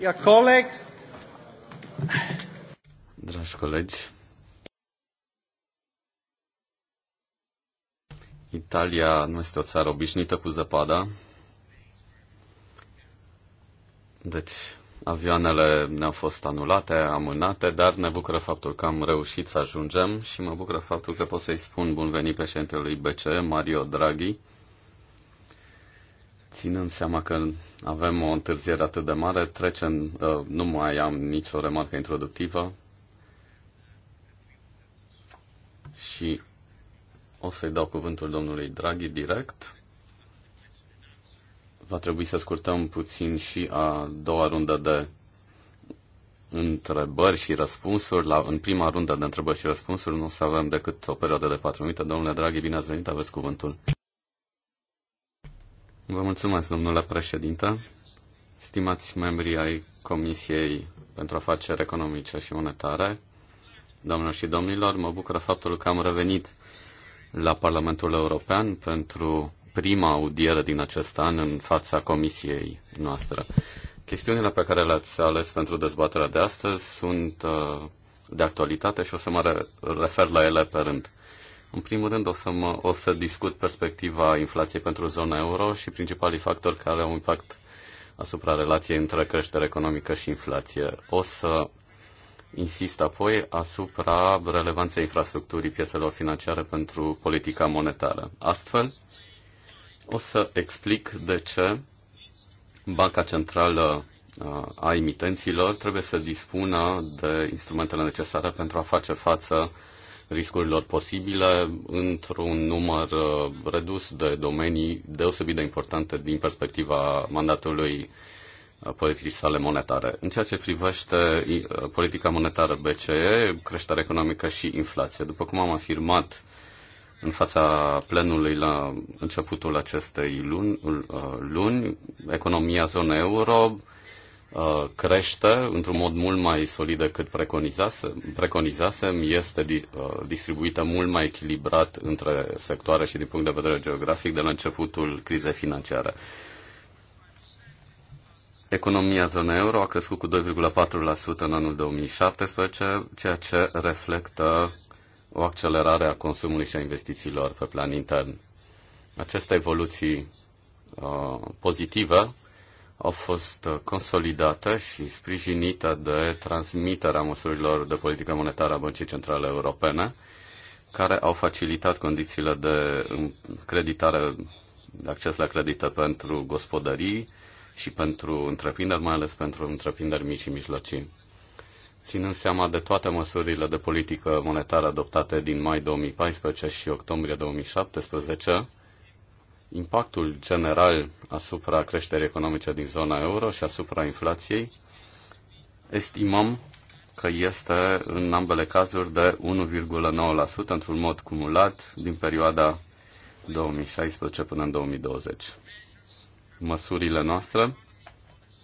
Your colleagues. Dragi colegi, Italia nu este o țară obișnuită cu zăpada, deci avioanele ne-au fost anulate, amânate, dar ne bucură faptul că am reușit să ajungem și mă bucură faptul că pot să-i spun bun venit președintelui BCE, Mario Draghi, Ținând seama că avem o întârziere atât de mare, trecem, uh, nu mai am nicio remarcă introductivă și o să-i dau cuvântul domnului Draghi direct. Va trebui să scurtăm puțin și a doua rundă de întrebări și răspunsuri. La, în prima rundă de întrebări și răspunsuri nu o să avem decât o perioadă de patru minute. Domnule Draghi, bine ați venit, aveți cuvântul. Vă mulțumesc, domnule președinte. Stimați membri ai Comisiei pentru Afaceri Economice și Monetare, domnilor și domnilor, mă bucură faptul că am revenit la Parlamentul European pentru prima audiere din acest an în fața Comisiei noastre. Chestiunile pe care le-ați ales pentru dezbaterea de astăzi sunt uh, de actualitate și o să mă refer la ele pe rând. În primul rând o să, mă, o să discut perspectiva inflației pentru zona euro și principalii factori care au impact asupra relației între creștere economică și inflație. O să insist apoi asupra relevanței infrastructurii piețelor financiare pentru politica monetară. Astfel, o să explic de ce Banca Centrală a emitenților trebuie să dispună de instrumentele necesare pentru a face față riscurilor posibile într-un număr uh, redus de domenii deosebit de importante din perspectiva mandatului uh, politicii sale monetare. În ceea ce privește uh, politica monetară BCE, creșterea economică și inflație, după cum am afirmat în fața plenului la începutul acestei luni, luni economia zonei euro Uh, crește într-un mod mult mai solid decât preconizase, preconizasem, este uh, distribuită mult mai echilibrat între sectoare și din punct de vedere geografic de la începutul crizei financiare. Economia zonei euro a crescut cu 2,4% în anul 2017, ceea ce reflectă o accelerare a consumului și a investițiilor pe plan intern. Aceste evoluții uh, pozitive au fost uh, consolidată și sprijinită de transmiterea măsurilor de politică monetară a Băncii Centrale Europene, care au facilitat condițiile de creditare, de acces la credite pentru gospodării și pentru întreprinderi, mai ales pentru întreprinderi mici și mijlocii. Ținând seama de toate măsurile de politică monetară adoptate din mai 2014 și octombrie 2017, impactul general asupra creșterii economice din zona euro și asupra inflației estimăm că este în ambele cazuri de 1,9% într-un mod cumulat din perioada 2016 până în 2020. Măsurile noastre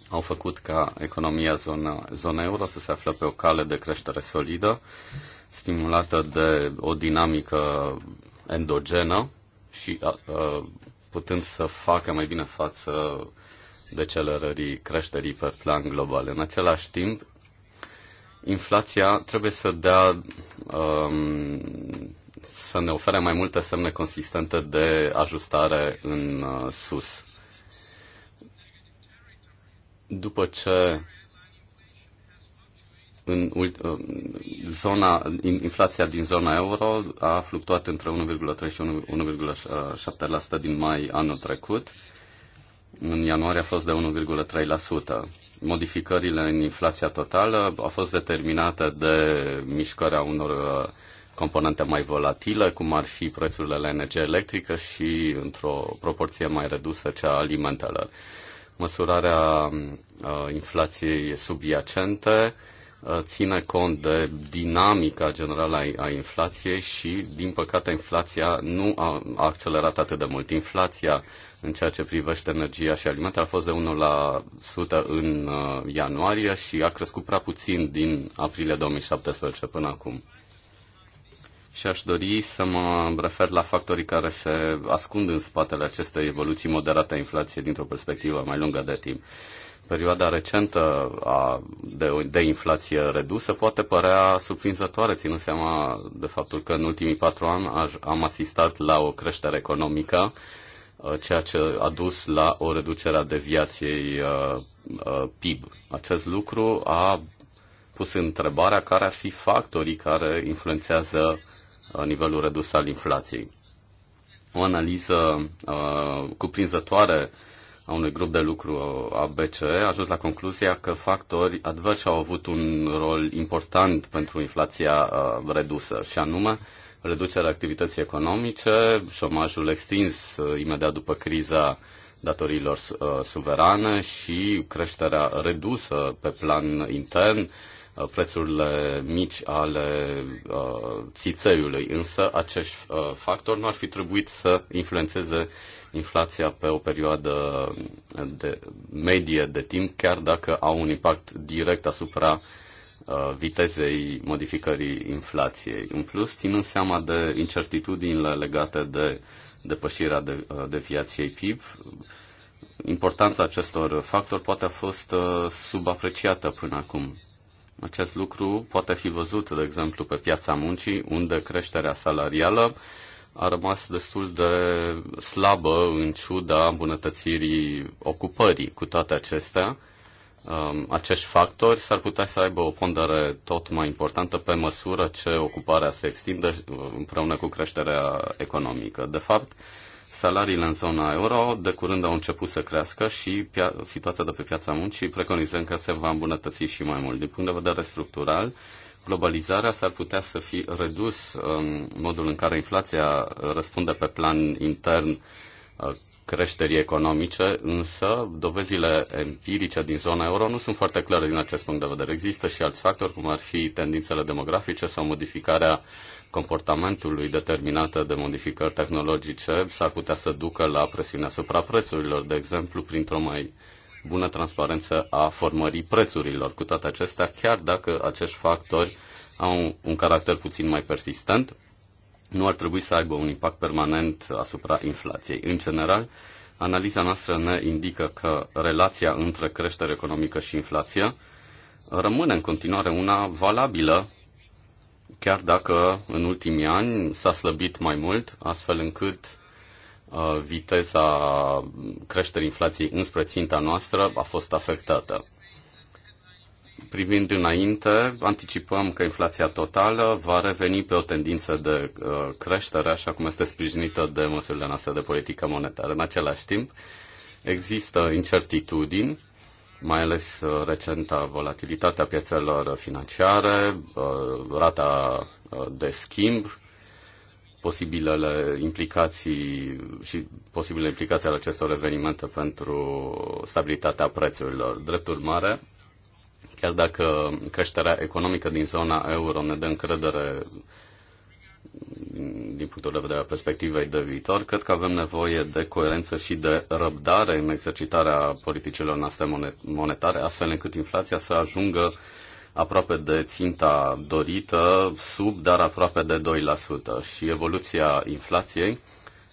au făcut ca economia zona, zona euro să se află pe o cale de creștere solidă, stimulată de o dinamică endogenă și a, putând să facă mai bine față decelerării creșterii pe plan global. În același timp, inflația trebuie să dea um, să ne ofere mai multe semne consistente de ajustare în uh, sus. După ce în uh, zona, inflația din zona euro a fluctuat între 1,3 și 1,7% din mai anul trecut. În ianuarie a fost de 1,3%. Modificările în inflația totală au fost determinate de mișcarea unor uh, componente mai volatile, cum ar fi prețurile la energie electrică și, într-o proporție mai redusă, cea alimentelor. Măsurarea uh, inflației subiacente Uh, ține cont de dinamica generală a, a inflației și, din păcate, inflația nu a, accelerat atât de mult. Inflația în ceea ce privește energia și alimente a fost de 1% în uh, ianuarie și a crescut prea puțin din aprilie 2017 până acum. Și aș dori să mă refer la factorii care se ascund în spatele acestei evoluții moderate a inflației dintr-o perspectivă mai lungă de timp. Uh, perioada recentă a, de, de inflație redusă poate părea surprinzătoare, ținând seama de faptul că în ultimii patru ani am asistat la o creștere economică, ceea ce a dus la o reducere a deviației PIB. Acest lucru a pus întrebarea care ar fi factorii care influențează nivelul redus al inflației. O analiză uh, cuprinzătoare uh, a unui grup de lucru a BCE a ajuns la concluzia că factori adversi au avut un rol important pentru inflația uh, redusă, și anume reducerea activității economice, șomajul extins uh, imediat după criza datoriilor uh, suverane și creșterea redusă pe plan intern, Uh, prețurile mici ale uh, țițeiului, însă acești uh, factori nu ar fi trebuit să influențeze inflația pe o perioadă de medie de timp, chiar dacă au un impact direct asupra uh, vitezei modificării inflației. În plus, ținând seama de incertitudinile legate de depășirea de, uh, deviației PIB, importanța acestor factori poate a fost uh, subapreciată până acum. Acest lucru poate fi văzut, de exemplu, pe piața muncii, unde creșterea salarială a rămas destul de slabă în ciuda îmbunătățirii ocupării. Cu toate acestea, um, acești factori s-ar putea să aibă o pondere tot mai importantă pe măsură ce ocuparea se extinde uh, împreună cu creșterea economică. De fapt, Salariile în zona euro de curând au început să crească și situația de pe piața muncii preconizăm că se va îmbunătăți și mai mult. Din punct de vedere structural, globalizarea s-ar putea să fi redus în um, modul în care inflația răspunde pe plan intern uh, creșterii economice, însă dovezile empirice din zona euro nu sunt foarte clare din acest punct de vedere. Există și alți factori, cum ar fi tendințele demografice sau modificarea comportamentului determinată de modificări tehnologice s-ar putea să ducă la presiune asupra prețurilor, de exemplu, printr-o mai bună transparență a formării prețurilor. Cu toate acestea, chiar dacă acești factori au un caracter puțin mai persistent, nu ar trebui să aibă un impact permanent asupra inflației. În general, analiza noastră ne indică că relația între creștere economică și inflație rămâne în continuare una valabilă chiar dacă în ultimii ani s-a slăbit mai mult, astfel încât uh, viteza creșterii inflației înspre ținta noastră a fost afectată. Privind înainte, anticipăm că inflația totală va reveni pe o tendință de uh, creștere, așa cum este sprijinită de măsurile noastre de politică monetară. În același timp, există incertitudini mai ales uh, recenta volatilitatea piețelor financiare, uh, rata uh, de schimb, posibilele implicații și posibile implicații ale acestor evenimente pentru stabilitatea prețurilor. Drept urmare, chiar dacă creșterea economică din zona euro ne dă încredere din punctul de vedere al perspectivei de viitor, cred că avem nevoie de coerență și de răbdare în exercitarea politicilor noastre monetare, astfel încât inflația să ajungă aproape de ținta dorită, sub, dar aproape de 2%. Și evoluția inflației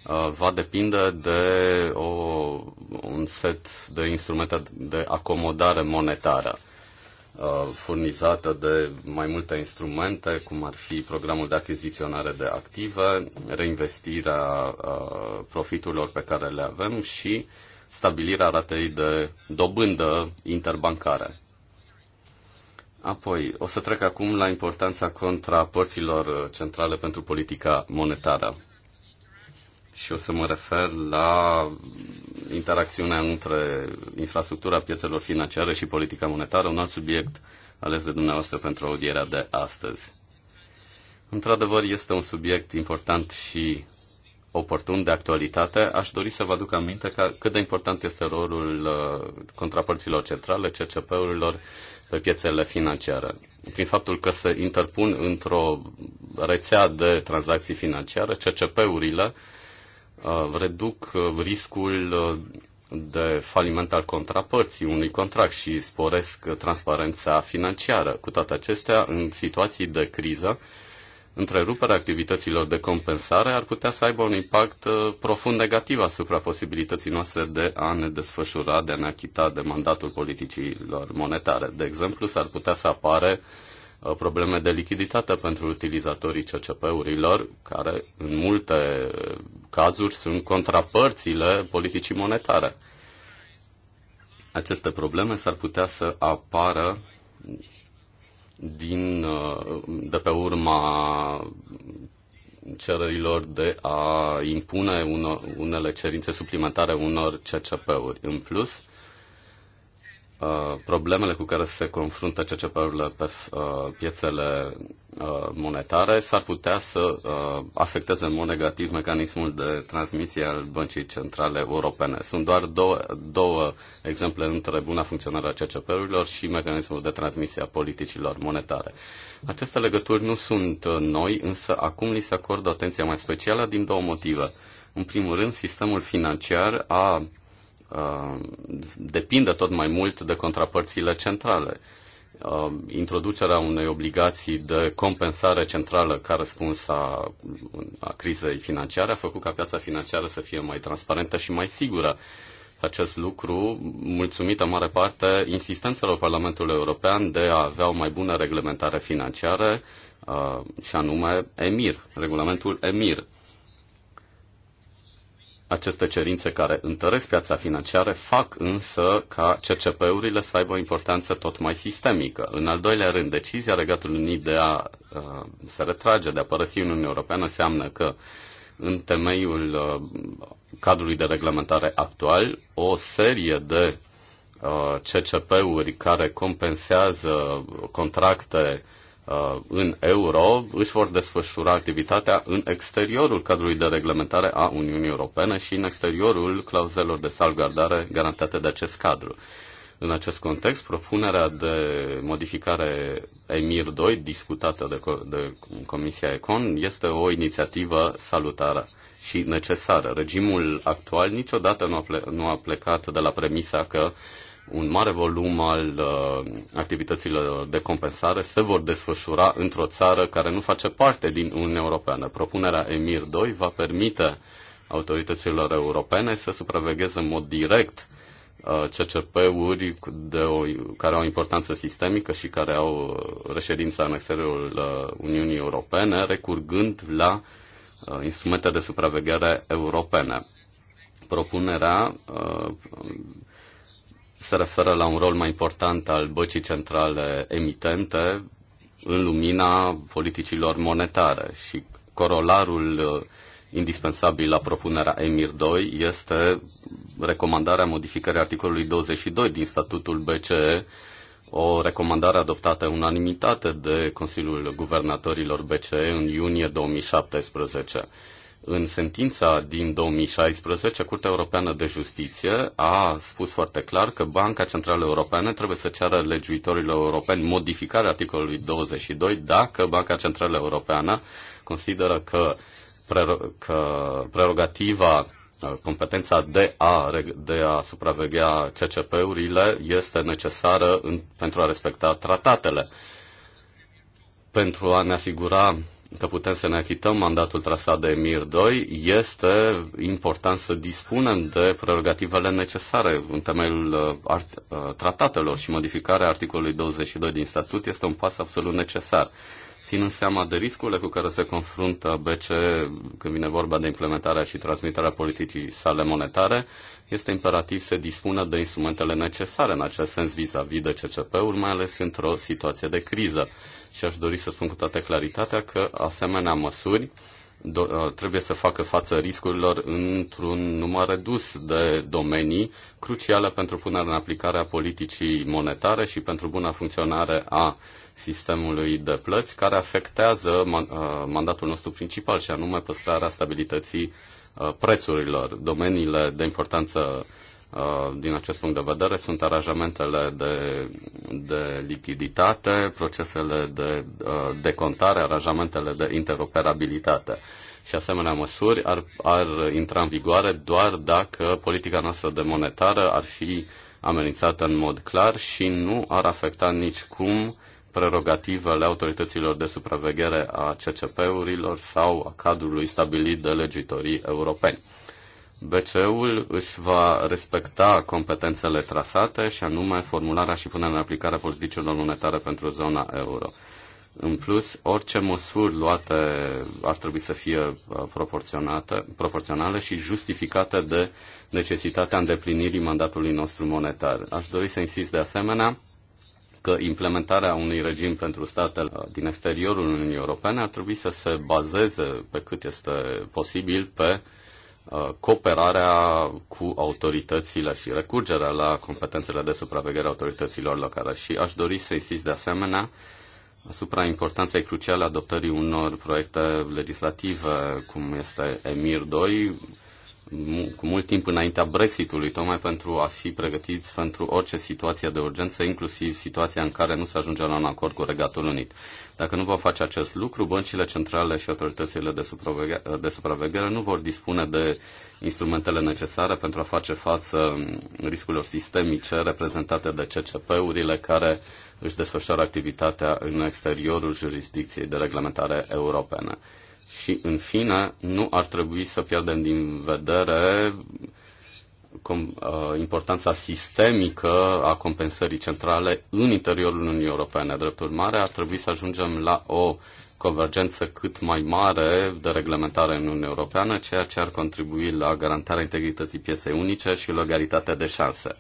uh, va depinde de o, un set de instrumente de acomodare monetară. Uh, furnizată de mai multe instrumente, cum ar fi programul de achiziționare de active, reinvestirea uh, profiturilor pe care le avem și stabilirea ratei de dobândă interbancare. Apoi, o să trec acum la importanța părților centrale pentru politica monetară și o să mă refer la interacțiunea între infrastructura piețelor financiare și politica monetară, un alt subiect ales de dumneavoastră pentru audierea de astăzi. Într-adevăr, este un subiect important și oportun de actualitate. Aș dori să vă aduc aminte că cât de important este rolul uh, contrapărților centrale, CCP-urilor pe piețele financiare. Prin faptul că se interpun într-o rețea de tranzacții financiare, CCP-urile Uh, reduc uh, riscul uh, de faliment al contrapărții unui contract și sporesc transparența financiară. Cu toate acestea, în situații de criză, întreruperea activităților de compensare ar putea să aibă un impact profund negativ asupra posibilității noastre de a ne desfășura, de a ne achita de mandatul politicilor monetare. De exemplu, s-ar putea să apare uh, Uh, probleme de lichiditate pentru utilizatorii CCP-urilor, care în multe cazuri sunt contrapărțile politicii monetare. Aceste probleme s-ar putea să apară din, uh, de pe urma cererilor de a impune unele cerințe suplimentare unor CCP-uri. În plus, Uh, problemele cu care se confruntă CCP-urile pe uh, piețele uh, monetare s-ar putea să afecteze în mod negativ mecanismul de transmisie al Băncii Centrale Europene. Sunt doar două, două exemple între buna funcționare a CCP-urilor și mecanismul de transmisie a politicilor monetare. Aceste legături nu sunt noi, însă acum li se acordă atenție mai specială din două motive. În primul rând, sistemul financiar a Uh, depindă tot mai mult de contrapărțile centrale. Uh, introducerea unei obligații de compensare centrală ca răspuns a, a crizei financiare a făcut ca piața financiară să fie mai transparentă și mai sigură. Acest lucru, mulțumită în mare parte insistențelor Parlamentului European de a avea o mai bună reglementare financiară, uh, și anume EMIR, regulamentul EMIR aceste cerințe care întăresc piața financiară fac însă ca CCP-urile să aibă o importanță tot mai sistemică. În al doilea rând, decizia Regatului Unit de a uh, se retrage, de a părăsi Uniunea Europeană, înseamnă că în temeiul uh, cadrului de reglementare actual, o serie de uh, CCP-uri care compensează contracte uh, Uh, în euro își vor desfășura activitatea în exteriorul cadrului de reglementare a Uniunii Europene și în exteriorul clauzelor de salvgardare garantate de acest cadru. În acest context, propunerea de modificare EMIR 2, discutată de, co- de Comisia Econ, este o inițiativă salutară și necesară. Regimul actual niciodată nu a, ple- nu a plecat de la premisa că uh, un mare volum al uh, activităților de compensare se vor desfășura într-o țară care nu face parte din Uniunea Europeană. Propunerea EMIR 2 va permite autorităților europene să supravegheze în mod direct uh, CCP-uri de o, care au importanță sistemică și care au reședința în exteriorul uh, Uniunii Europene, recurgând la uh, instrumente de supraveghere europene propunerea uh, se referă la un rol mai important al băcii centrale emitente în lumina politicilor monetare și corolarul uh, indispensabil la propunerea EMIR 2 este recomandarea modificării articolului 22 din statutul BCE, o recomandare adoptată unanimitate de Consiliul Guvernatorilor BCE în iunie 2017. În sentința din 2016, Curtea Europeană de Justiție a spus foarte clar că Banca Centrală Europeană trebuie să ceară legiuitorilor europeni modificarea articolului 22 dacă Banca Centrală Europeană consideră că, prer- că prerogativa uh, competența de a, de a supraveghea CCP-urile este necesară în, pentru a respecta tratatele. Pentru a ne asigura că putem să ne achităm mandatul trasat de Emir 2, este important să dispunem de prerogativele necesare în temeiul uh, uh, tratatelor și modificarea articolului 22 din statut este un pas absolut necesar. Ținând seama de riscurile cu care se confruntă BCE când vine vorba de implementarea și transmiterea politicii sale monetare, este imperativ să dispună de instrumentele necesare în acest sens vis-a-vis -vis de CCP-uri, mai ales într-o situație de criză. Și aș dori să spun cu toată claritatea că asemenea măsuri uh, trebuie să facă față riscurilor într-un număr redus de domenii cruciale pentru punerea în aplicare a politicii monetare și pentru buna funcționare a sistemului de plăți, care afectează uh, mandatul nostru principal, și anume păstrarea stabilității uh, prețurilor. Domeniile de importanță Uh, din acest punct de vedere sunt aranjamentele de, de lichiditate, procesele de uh, decontare, aranjamentele de interoperabilitate. Și asemenea măsuri ar, ar intra în vigoare doar dacă politica noastră de monetară ar fi amenințată în mod clar și nu ar afecta nicicum prerogativele autorităților de supraveghere a CCP-urilor sau a cadrului stabilit de legitorii europeni. BCE-ul își va respecta competențele trasate și anume formularea și punerea în aplicare a politicilor monetare pentru zona euro. În plus, orice măsuri luate ar trebui să fie uh, proporționate, proporționale și justificate de necesitatea îndeplinirii mandatului nostru monetar. Aș dori să insist de asemenea că implementarea unui regim pentru statele uh, din exteriorul Uniunii Europene ar trebui să se bazeze pe cât este posibil pe uh, Uh, cooperarea cu autoritățile și recurgerea la competențele de supraveghere a autorităților locale. Și aș dori să insist de asemenea asupra importanței cruciale adoptării unor proiecte legislative, cum este EMIR 2, cu mult timp înaintea Brexitului, tocmai pentru a fi pregătiți pentru orice situație de urgență, inclusiv situația în care nu se ajunge la un acord cu Regatul Unit. Dacă nu vor face acest lucru, băncile centrale și autoritățile de, supraveghe- de supraveghere nu vor dispune de instrumentele necesare pentru a face față riscurilor sistemice reprezentate de CCP-urile care își desfășoară activitatea în exteriorul jurisdicției de reglementare europene. Și, în fine, nu ar trebui să pierdem din vedere com, uh, importanța sistemică a compensării centrale în interiorul Uniunii Europene. Drept urmare, ar trebui să ajungem la o convergență cât mai mare de reglementare în Uniunea Europeană, ceea ce ar contribui la garantarea integrității pieței unice și la egalitatea de șanse.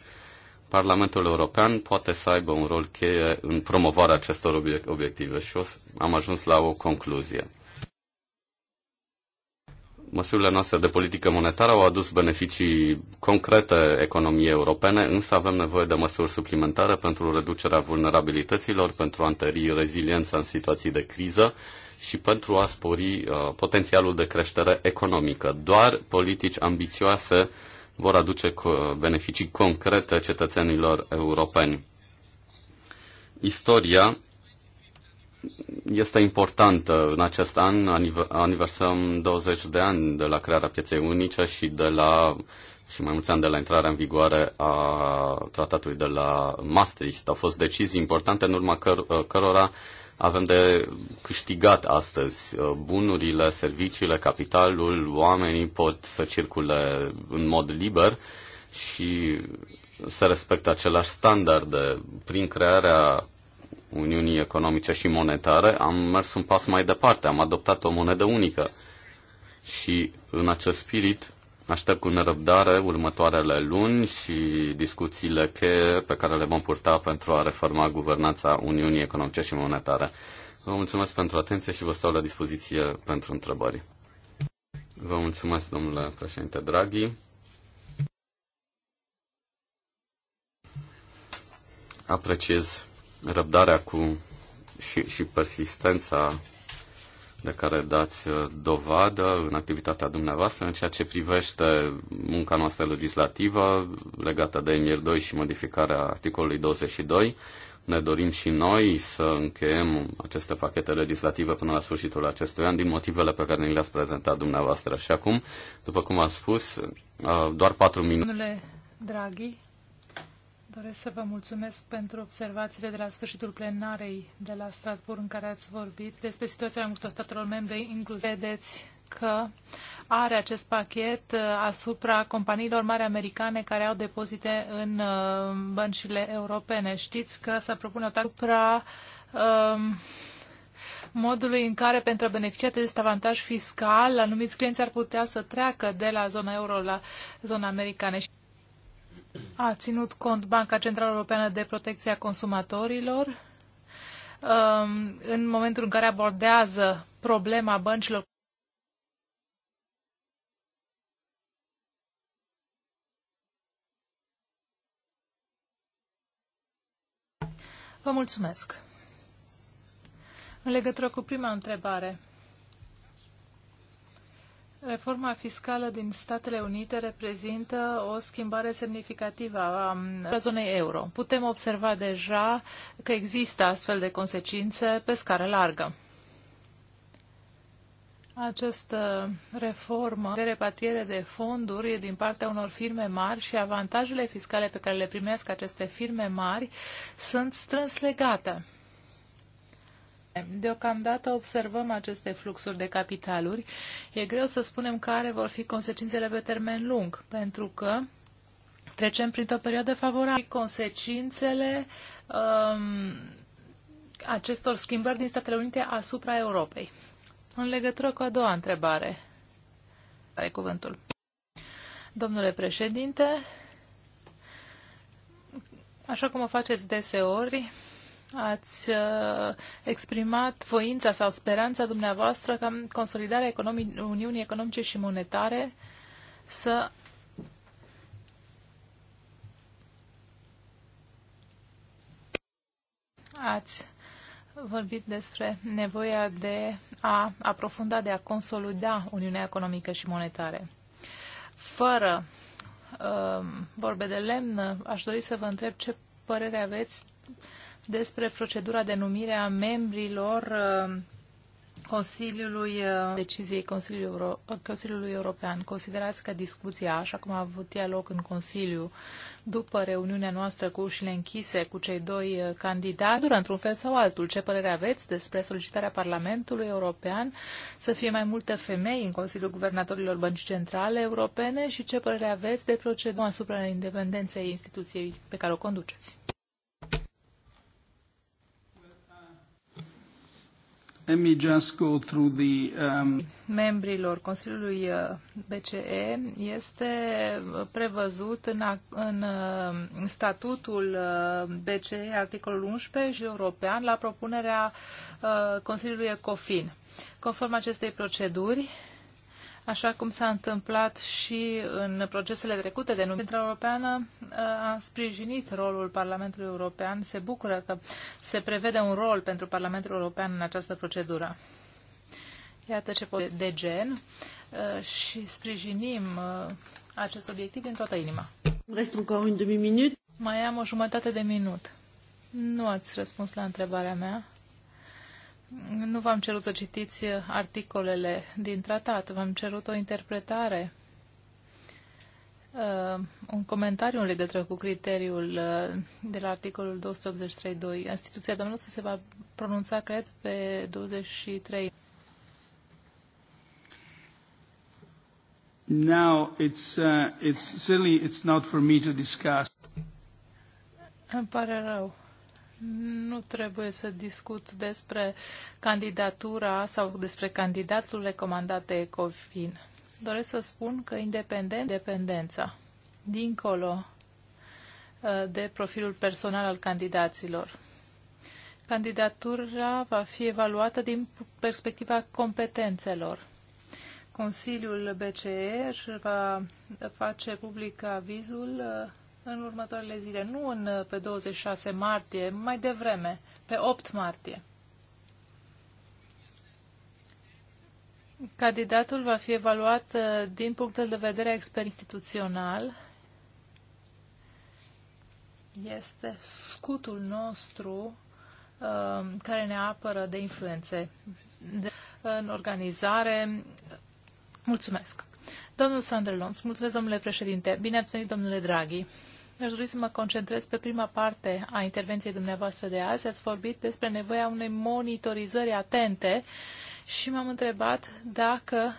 Parlamentul European poate să aibă un rol cheie în promovarea acestor obiective și am ajuns la o concluzie. Măsurile noastre de politică monetară au adus beneficii concrete economiei europene, însă avem nevoie de măsuri suplimentare pentru reducerea vulnerabilităților, pentru a întări reziliența în situații de criză și pentru a spori uh, potențialul de creștere economică. Doar politici ambițioase vor aduce beneficii concrete cetățenilor europeni. Istoria este important În acest an aniversăm 20 de ani de la crearea pieței unice și de la și mai mulți ani de la intrarea în vigoare a tratatului de la Maastricht. Au fost decizii importante în urma căr- ă, cărora avem de câștigat astăzi. Ă, bunurile, serviciile, capitalul, oamenii pot să circule în mod liber și să respecte aceleași standarde prin crearea Uniunii Economice și Monetare, am mers un pas mai departe, am adoptat o monedă unică. Și în acest spirit aștept cu nerăbdare următoarele luni și discuțiile cheie pe care le vom purta pentru a reforma guvernanța Uniunii Economice și Monetare. Vă mulțumesc pentru atenție și vă stau la dispoziție pentru întrebări. Vă mulțumesc, domnule președinte Draghi. Apreciez răbdarea cu și, și persistența de care dați uh, dovadă în activitatea dumneavoastră în ceea ce privește munca noastră legislativă legată de EMIR 2 și modificarea articolului 22. Ne dorim și noi să încheiem aceste pachete legislative până la sfârșitul acestui an din motivele pe care ni le-ați prezentat dumneavoastră. Și acum, după cum am spus, uh, doar patru minute. Domnule Draghi, Doresc să vă mulțumesc pentru observațiile de la sfârșitul plenarei de la Strasbourg în care ați vorbit despre situația multor statelor membre, inclusiv vedeți că are acest pachet uh, asupra companiilor mari americane care au depozite în uh, băncile europene. Știți că s-a propune o asupra um, modului în care pentru a beneficia de acest avantaj fiscal, anumiți clienți ar putea să treacă de la zona euro la zona americană. Și a ținut cont Banca Centrală Europeană de Protecția Consumatorilor um, în momentul în care abordează problema băncilor Vă mulțumesc. În legătură cu prima întrebare, Reforma fiscală din Statele Unite reprezintă o schimbare semnificativă um, a zonei euro. Putem observa deja că există astfel de consecințe pe scară largă. Această reformă de repatriere de fonduri din partea unor firme mari și avantajele fiscale pe care le primesc aceste firme mari sunt strâns legate. Deocamdată observăm aceste fluxuri de capitaluri. E greu să spunem care vor fi consecințele pe termen lung, pentru că trecem printr-o perioadă favorabilă. Consecințele um, acestor schimbări din Statele Unite asupra Europei. În legătură cu a doua întrebare, are cuvântul. Domnule președinte, așa cum o faceți deseori, ați uh, exprimat voința sau speranța dumneavoastră că consolidarea Uniunii Economice și Monetare să ați vorbit despre nevoia de a aprofunda, de a consolida Uniunea Economică și Monetare. Fără uh, vorbe de lemn, aș dori să vă întreb ce părere aveți uh, despre procedura de numire a membrilor uh, Consiliului, uh, deciziei Consiliului, Euro, uh, Consiliului European. Considerați că discuția, așa cum a avut ea loc în Consiliu, după reuniunea noastră cu ușile închise cu cei doi candidați, dură într-un fel sau altul. Ce părere aveți despre solicitarea Parlamentului European să fie mai multe femei în Consiliul Guvernatorilor Băncii Centrale Europene și ce părere aveți de procedura asupra independenței instituției pe care o conduceți? Let me just go through the, um... membrilor Consiliului uh, BCE este uh, prevăzut în, în uh, statutul BCE, articolul 11 și european, la propunerea Consiliului ECOFIN. Conform acestei proceduri, așa cum s-a întâmplat și în procesele trecute de numire. Centrul Europeană a sprijinit rolul Parlamentului European, se bucură că se prevede un rol pentru Parlamentul European în această procedură. Iată ce pot de gen uh, și sprijinim uh, acest obiectiv din toată inima. Reste Mai am o jumătate de minut. Nu ați răspuns la întrebarea mea. Nu v-am cerut să citiți articolele din tratat, v-am cerut o interpretare, uh, un comentariu în legătură cu criteriul uh, de la articolul 283.2. Instituția Domnului se va pronunța, cred, pe 23. Now it's, uh, it's silly, it's not for me to discuss. Îmi pare rău. Nu trebuie să discut despre candidatura sau despre candidatul recomandat de Ecofin. Doresc să spun că independența dincolo ă, de profilul personal al candidaților. Candidatura va fi evaluată din perspectiva competențelor. Consiliul BCE va face public avizul ă, în următoarele zile, nu în, pe 26 martie, mai devreme, pe 8 martie. Candidatul va fi evaluat uh, din punctul de vedere expert instituțional. Este scutul nostru uh, care ne apără de influențe de, în organizare. Mulțumesc. Domnul Sandrelons, mulțumesc, domnule președinte. Bine ați venit, domnule Draghi. Aș dori să mă concentrez pe prima parte a intervenției dumneavoastră de azi. Ați vorbit despre nevoia unei monitorizări atente și m-am întrebat dacă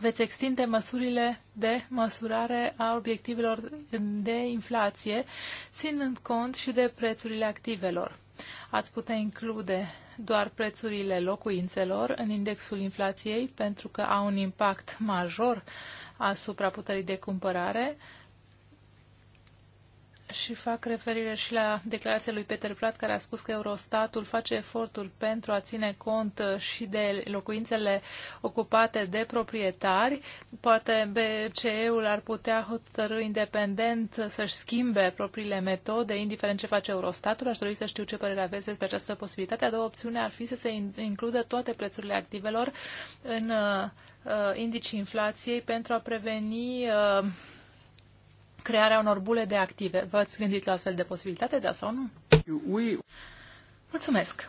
veți extinde măsurile de măsurare a obiectivelor de inflație, ținând cont și de prețurile activelor. Ați putea include doar prețurile locuințelor în indexul inflației pentru că au un impact major asupra puterii de cumpărare și fac referire și la declarația lui Peter Plat, care a spus că Eurostatul face eforturi pentru a ține cont și de locuințele ocupate de proprietari. Poate BCE-ul ar putea hotărâ independent să-și schimbe propriile metode, indiferent ce face Eurostatul. Aș dori să știu ce părere aveți despre această posibilitate. A doua opțiune ar fi să se includă toate prețurile activelor în uh, uh, indicii inflației pentru a preveni uh, crearea unor bule de active. V-ați gândit la astfel de posibilitate, da sau nu? Ui. Mulțumesc!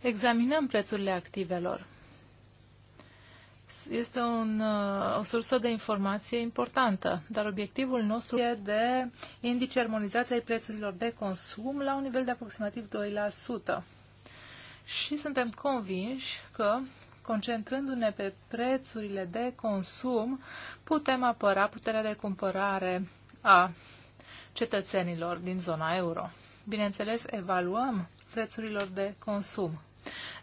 Examinăm prețurile activelor. Este un, uh, o sursă de informație importantă, dar obiectivul nostru e de indice armonizați ai prețurilor de consum la un nivel de aproximativ 2%. Și suntem convinși că concentrându-ne pe prețurile de consum, putem apăra puterea de cumpărare a cetățenilor din zona euro. Bineînțeles, evaluăm prețurilor de consum.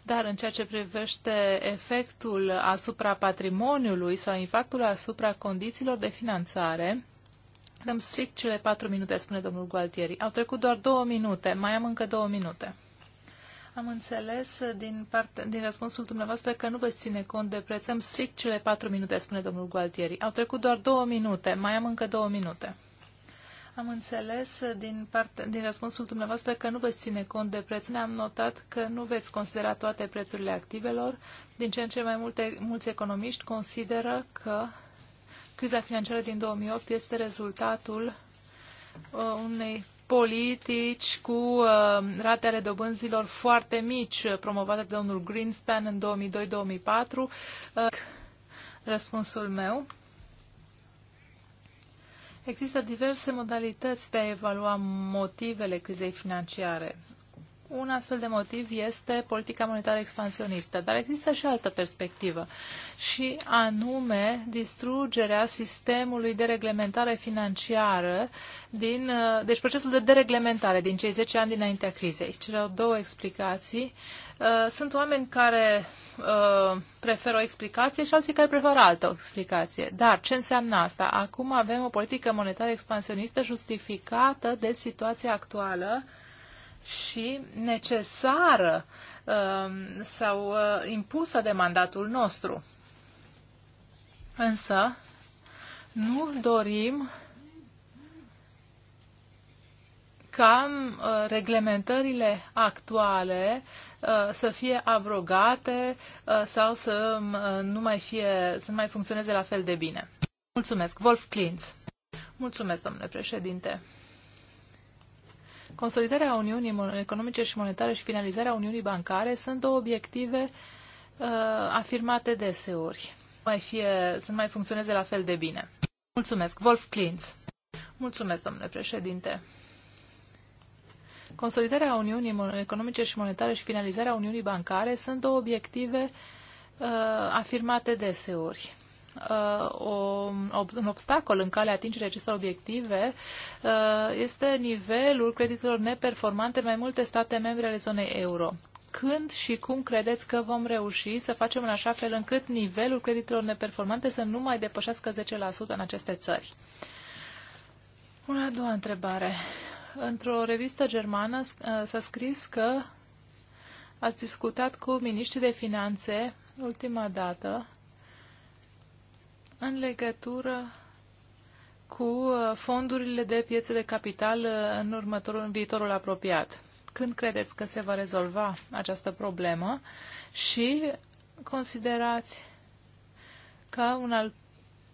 Dar în ceea ce privește efectul asupra patrimoniului sau impactul asupra condițiilor de finanțare, dăm strict cele patru minute, spune domnul Gualtieri. Au trecut doar două minute, mai am încă două minute. Am înțeles din, part, din răspunsul dumneavoastră că nu veți ține cont de preț. Am strict cele patru minute, spune domnul Gualtieri. Au trecut doar două minute. Mai am încă două minute. Am înțeles din, part, din răspunsul dumneavoastră că nu veți ține cont de preț. Ne-am notat că nu veți considera toate prețurile activelor. Din ce în ce mai multe, mulți economiști consideră că criza financiară din 2008 este rezultatul uh, unei politici cu uh, ratele dobânzilor foarte mici uh, promovate de domnul Greenspan în 2002-2004. Uh, răspunsul meu. Există diverse modalități de a evalua motivele crizei financiare un astfel de motiv este politica monetară expansionistă, dar există și altă perspectivă, și anume distrugerea sistemului de reglementare financiară, din, uh, deci procesul de dereglementare din cei 10 ani dinaintea crizei. Cele două explicații. Uh, sunt oameni care uh, preferă o explicație și alții care preferă altă explicație. Dar ce înseamnă asta? Acum avem o politică monetară expansionistă justificată de situația actuală și necesară um, sau uh, impusă de mandatul nostru. Însă, nu dorim ca uh, reglementările actuale uh, să fie abrogate sau să nu mai, fie, să nu mai funcționeze la fel de bine. Mulțumesc. Wolf Klintz. Mulțumesc, domnule președinte. Consolidarea Uniunii Economice și Monetare și finalizarea Uniunii Bancare sunt două obiective uh, afirmate deseori. Mai fie, să nu mai funcționeze la fel de bine. Mulțumesc. Wolf Klintz. Mulțumesc, domnule președinte. Consolidarea Uniunii Economice și Monetare și finalizarea Uniunii Bancare sunt două obiective uh, afirmate deseori uh, o, un obstacol în calea atingerii acestor obiective uh, este nivelul creditelor neperformante în mai multe state membre ale zonei euro. Când și cum credeți că vom reuși să facem în așa fel încât nivelul creditelor neperformante să nu mai depășească 10% în aceste țări? Una a doua întrebare. Într-o revistă germană uh, s-a scris că ați discutat cu miniștrii de finanțe ultima dată în legătură cu uh, fondurile de piețe de capital uh, în, următorul, în viitorul apropiat. Când credeți că se va rezolva această problemă și considerați că un al,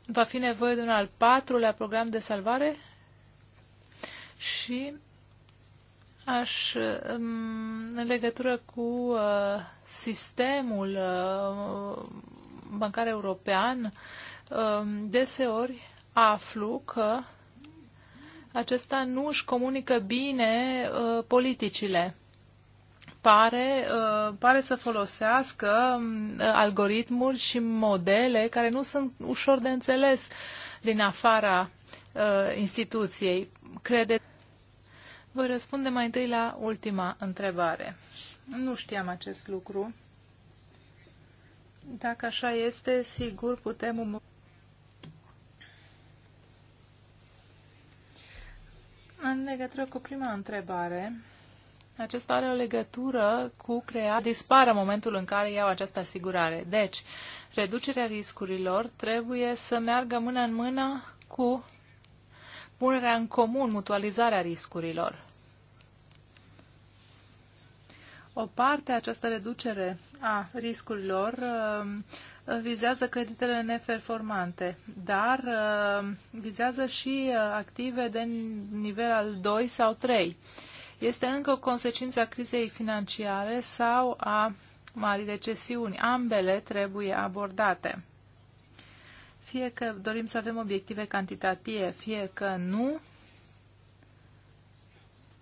va fi nevoie de un al patrulea program de salvare și aș, um, în legătură cu uh, sistemul bancar european, Um, deseori aflu că acesta nu își comunică bine uh, politicile pare, uh, pare să folosească um, algoritmuri și modele care nu sunt ușor de înțeles din afara uh, instituției. Crede. Voi răspunde mai întâi la ultima întrebare. Nu știam acest lucru. Dacă așa este, sigur putem În legătură cu prima întrebare, acesta are o legătură cu crearea, dispară momentul în care iau această asigurare. Deci, reducerea riscurilor trebuie să meargă mână în mână cu punerea în comun, mutualizarea riscurilor. O parte a această reducere a riscurilor um, vizează creditele neperformante, dar uh, vizează și uh, active de nivel al 2 sau 3. Este încă o consecință a crizei financiare sau a marii recesiuni. Ambele trebuie abordate. Fie că dorim să avem obiective cantitative, fie că nu,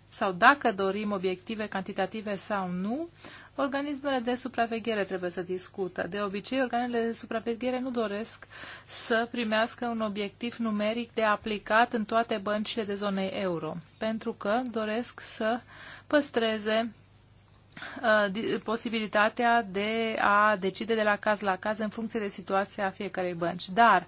sau dacă dorim obiective cantitative sau nu, Organismele de supraveghere trebuie să discută. De obicei, organele de supraveghere nu doresc să primească un obiectiv numeric de aplicat în toate băncile de zonei euro, pentru că doresc să păstreze uh, posibilitatea de a decide de la caz la caz în funcție de situația fiecarei bănci. Dar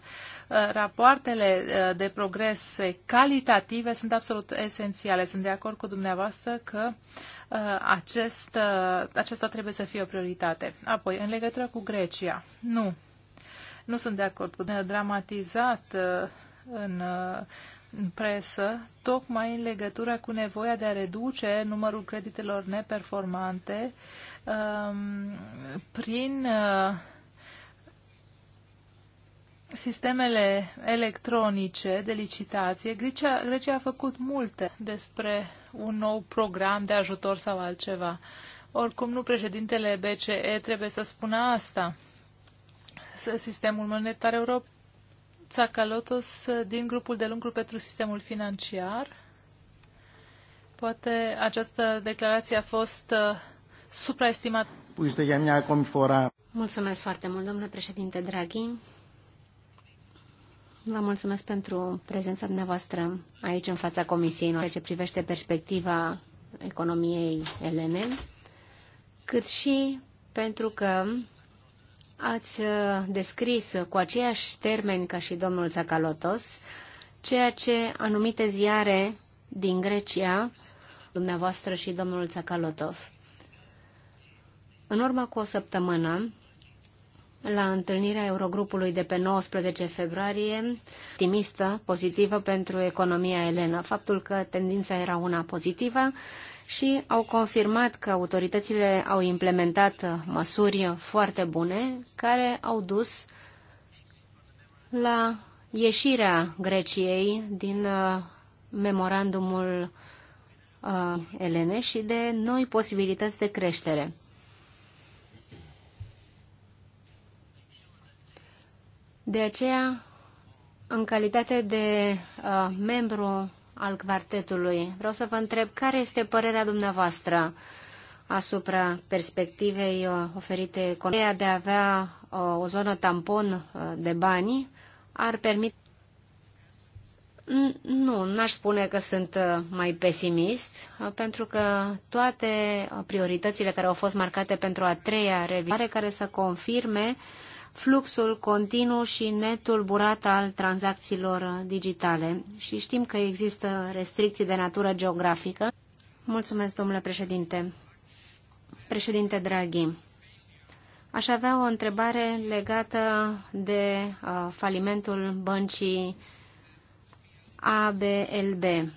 uh, rapoartele uh, de progrese calitative sunt absolut esențiale. Sunt de acord cu dumneavoastră că Uh, acest, uh, aceasta trebuie să fie o prioritate. Apoi, în legătură cu Grecia, nu. Nu sunt de acord cu dramatizat uh, în, în presă, tocmai în legătură cu nevoia de a reduce numărul creditelor neperformante um, prin sistemele electronice de licitație, Grecia, Grecia a făcut multe despre un nou program de ajutor sau altceva. Oricum, nu președintele BCE trebuie să spună asta. Sistemul monetar european. Tsakalotos din grupul de lucru pentru sistemul financiar. Poate această declarație a fost uh, supraestimată. Mulțumesc foarte mult, domnule președinte Draghi. Vă mulțumesc pentru prezența dumneavoastră aici în fața comisiei noastre ce privește perspectiva economiei elene, cât și pentru că ați uh, descris cu aceiași termeni ca și domnul Zacalotos ceea ce anumite ziare din Grecia, dumneavoastră și domnul Zacalotov. În urmă cu o săptămână, la întâlnirea Eurogrupului de pe 19 februarie, optimistă, pozitivă pentru economia elenă. Faptul că tendința era una pozitivă și au confirmat că autoritățile au implementat măsuri foarte bune care au dus la ieșirea Greciei din uh, memorandumul uh, Elene și de noi posibilități de creștere. De aceea, în calitate de uh, membru al quartetului, vreau să vă întreb care este părerea dumneavoastră asupra perspectivei uh, oferite economia de a avea uh, o zonă tampon uh, de bani ar permite nu, n-aș spune că sunt uh, mai pesimist, uh, pentru că toate uh, prioritățile care au fost marcate pentru a treia revizare care să confirme uh, fluxul continuu și netulburat al tranzacțiilor digitale. Și știm că există restricții de natură geografică. Mulțumesc, domnule președinte. Președinte Draghi, aș avea o întrebare legată de uh, falimentul băncii ABLB.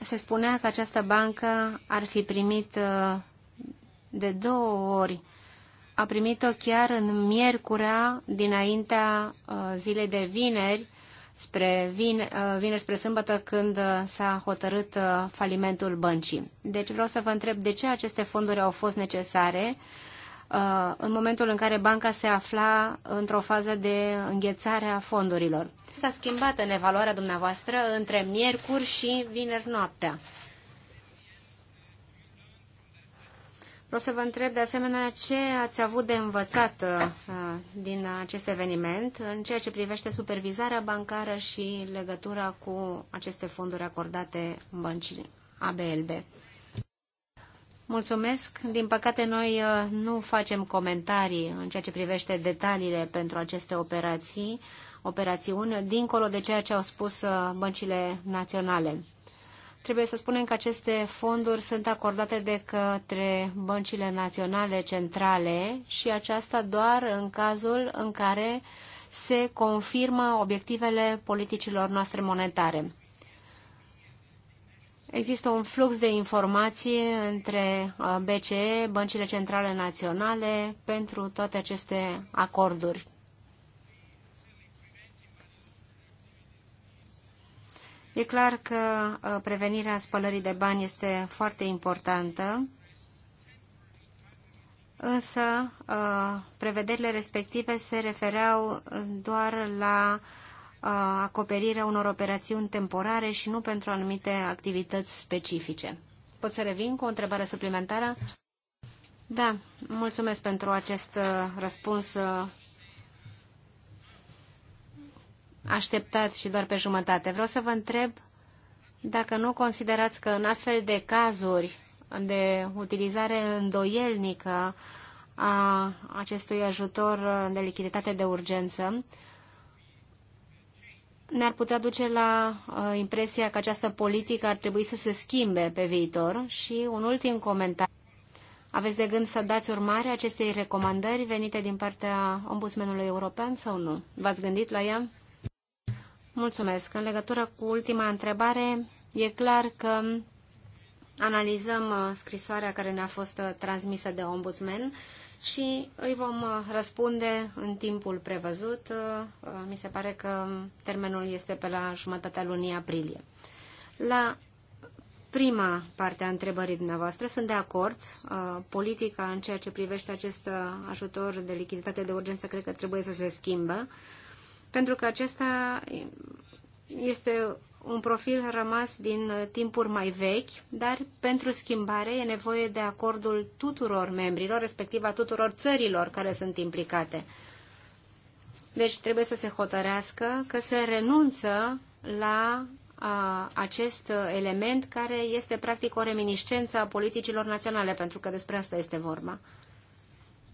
Se spunea că această bancă ar fi primit uh, de două ori uh, a primit-o chiar în miercurea dinaintea uh, zilei de vineri, spre vin, uh, vineri spre sâmbătă când uh, s-a hotărât falimentul băncii. Deci vreau să vă întreb de ce aceste fonduri au fost necesare în momentul în care banca se afla într-o fază de înghețare a fondurilor. S-a schimbat în evaluarea dumneavoastră între miercuri și vineri noaptea. Vreau să vă întreb de asemenea ce ați avut de învățat uh, din acest eveniment în ceea ce privește supervizarea bancară și legătura cu aceste fonduri acordate băncii ABLB. Mulțumesc. Din păcate, noi uh, nu facem comentarii în ceea ce privește detaliile pentru aceste operații, operațiuni, dincolo de ceea ce au spus uh, băncile naționale. Trebuie să spunem că aceste fonduri sunt acordate de către băncile naționale centrale și aceasta doar în cazul în care se confirmă obiectivele politicilor noastre monetare. Există un flux de informații între uh, BCE, băncile centrale naționale, pentru toate aceste acorduri. E clar că uh, prevenirea spălării de bani este foarte importantă, însă uh, prevederile respective se refereau doar la uh, acoperirea unor operațiuni temporare și nu pentru anumite activități specifice. Pot să revin cu o întrebare suplimentară? Da, mulțumesc pentru acest răspuns așteptat și doar pe jumătate. Vreau să vă întreb dacă nu considerați că în astfel de cazuri de utilizare îndoielnică a acestui ajutor de lichiditate de urgență ne-ar putea duce la uh, impresia că această politică ar trebui să se schimbe pe viitor. Și un ultim comentariu. Aveți de gând să dați urmare acestei recomandări venite din partea Ombudsmanului European sau nu? V-ați gândit la ea? Mulțumesc. În legătură cu ultima întrebare, e clar că analizăm uh, scrisoarea care ne-a fost uh, transmisă de ombudsman și îi vom uh, răspunde în timpul prevăzut. Mi se pare că termenul este pe la jumătatea lunii aprilie. La prima parte a întrebării dumneavoastră, sunt de acord. Politica în ceea ce privește acest ajutor de lichiditate de urgență cred că trebuie să se schimbă pentru că acesta este un profil rămas din timpuri mai vechi, dar pentru schimbare e nevoie de acordul tuturor membrilor, respectiv a tuturor țărilor care sunt implicate. Deci trebuie să se hotărească că se renunță la a, acest element care este practic o reminiscență a politicilor naționale, pentru că despre asta este vorba.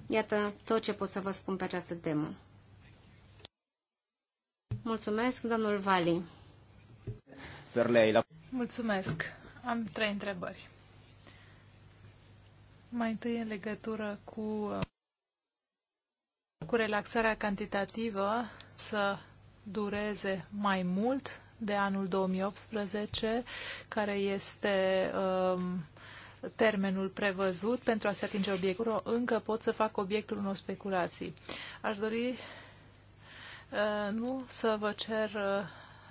Iată tot ce pot să vă spun pe această temă. Mulțumesc, domnul Vali. Mulțumesc. Am trei întrebări. Mai întâi în legătură cu, cu relaxarea cantitativă să dureze mai mult de anul 2018, care este um, termenul prevăzut pentru a se atinge obiectul, încă pot să fac obiectul unor speculații. Aș dori Uh, nu să vă cer uh,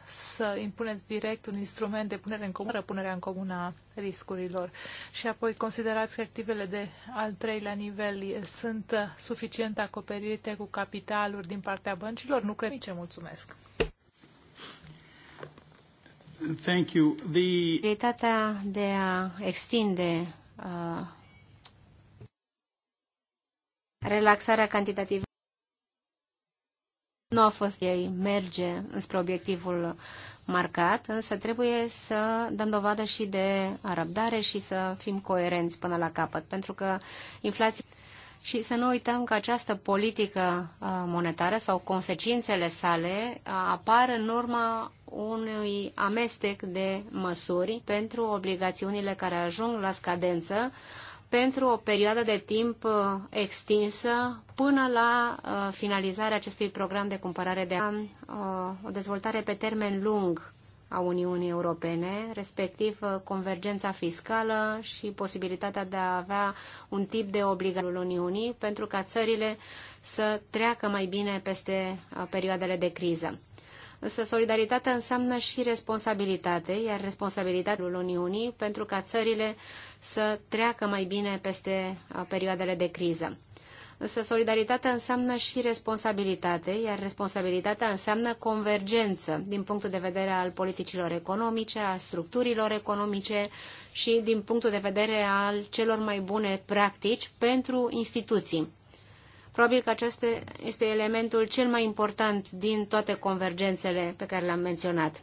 să impuneți direct un instrument de punere în comună, punerea în comună a riscurilor. Și apoi considerați că activele de al treilea nivel sunt uh, suficient acoperite cu capitaluri din partea băncilor? Nu cred nici. Mulțumesc. Thank you. The... de a extinde uh, relaxarea cantitativă nu a fost ei merge înspre obiectivul marcat, însă trebuie să dăm dovadă și de răbdare și să fim coerenți până la capăt, pentru că inflația și să nu uităm că această politică uh, monetară sau consecințele sale uh, apar în urma unui amestec de măsuri pentru obligațiunile care ajung la scadență, pentru o perioadă de timp uh, extinsă până la uh, finalizarea acestui program de cumpărare de um, uh, o dezvoltare pe termen lung a Uniunii Europene, respectiv convergența fiscală și posibilitatea de a avea un tip de obligație al Uniunii pentru ca țările să treacă mai bine peste perioadele de criză. Însă solidaritatea înseamnă și responsabilitate, iar responsabilitatea Uniunii pentru ca țările să treacă mai bine peste uh, perioadele de criză. Însă solidaritatea înseamnă și responsabilitate, iar responsabilitatea înseamnă convergență din punctul de vedere al politicilor economice, a structurilor economice și din punctul de vedere al celor mai bune practici pentru instituții. Probabil că acesta este elementul cel mai important din toate convergențele pe care le-am menționat.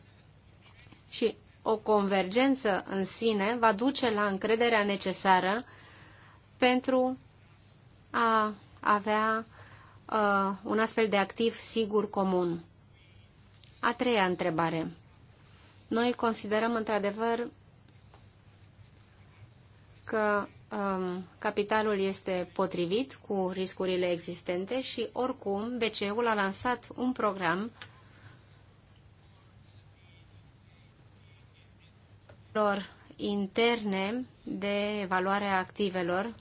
Și o convergență în sine va duce la încrederea necesară pentru a avea uh, un astfel de activ sigur comun. A treia întrebare. Noi considerăm într-adevăr că um, capitalul este potrivit cu riscurile existente și oricum BCE-ul a lansat un program lor interne de evaluare a activelor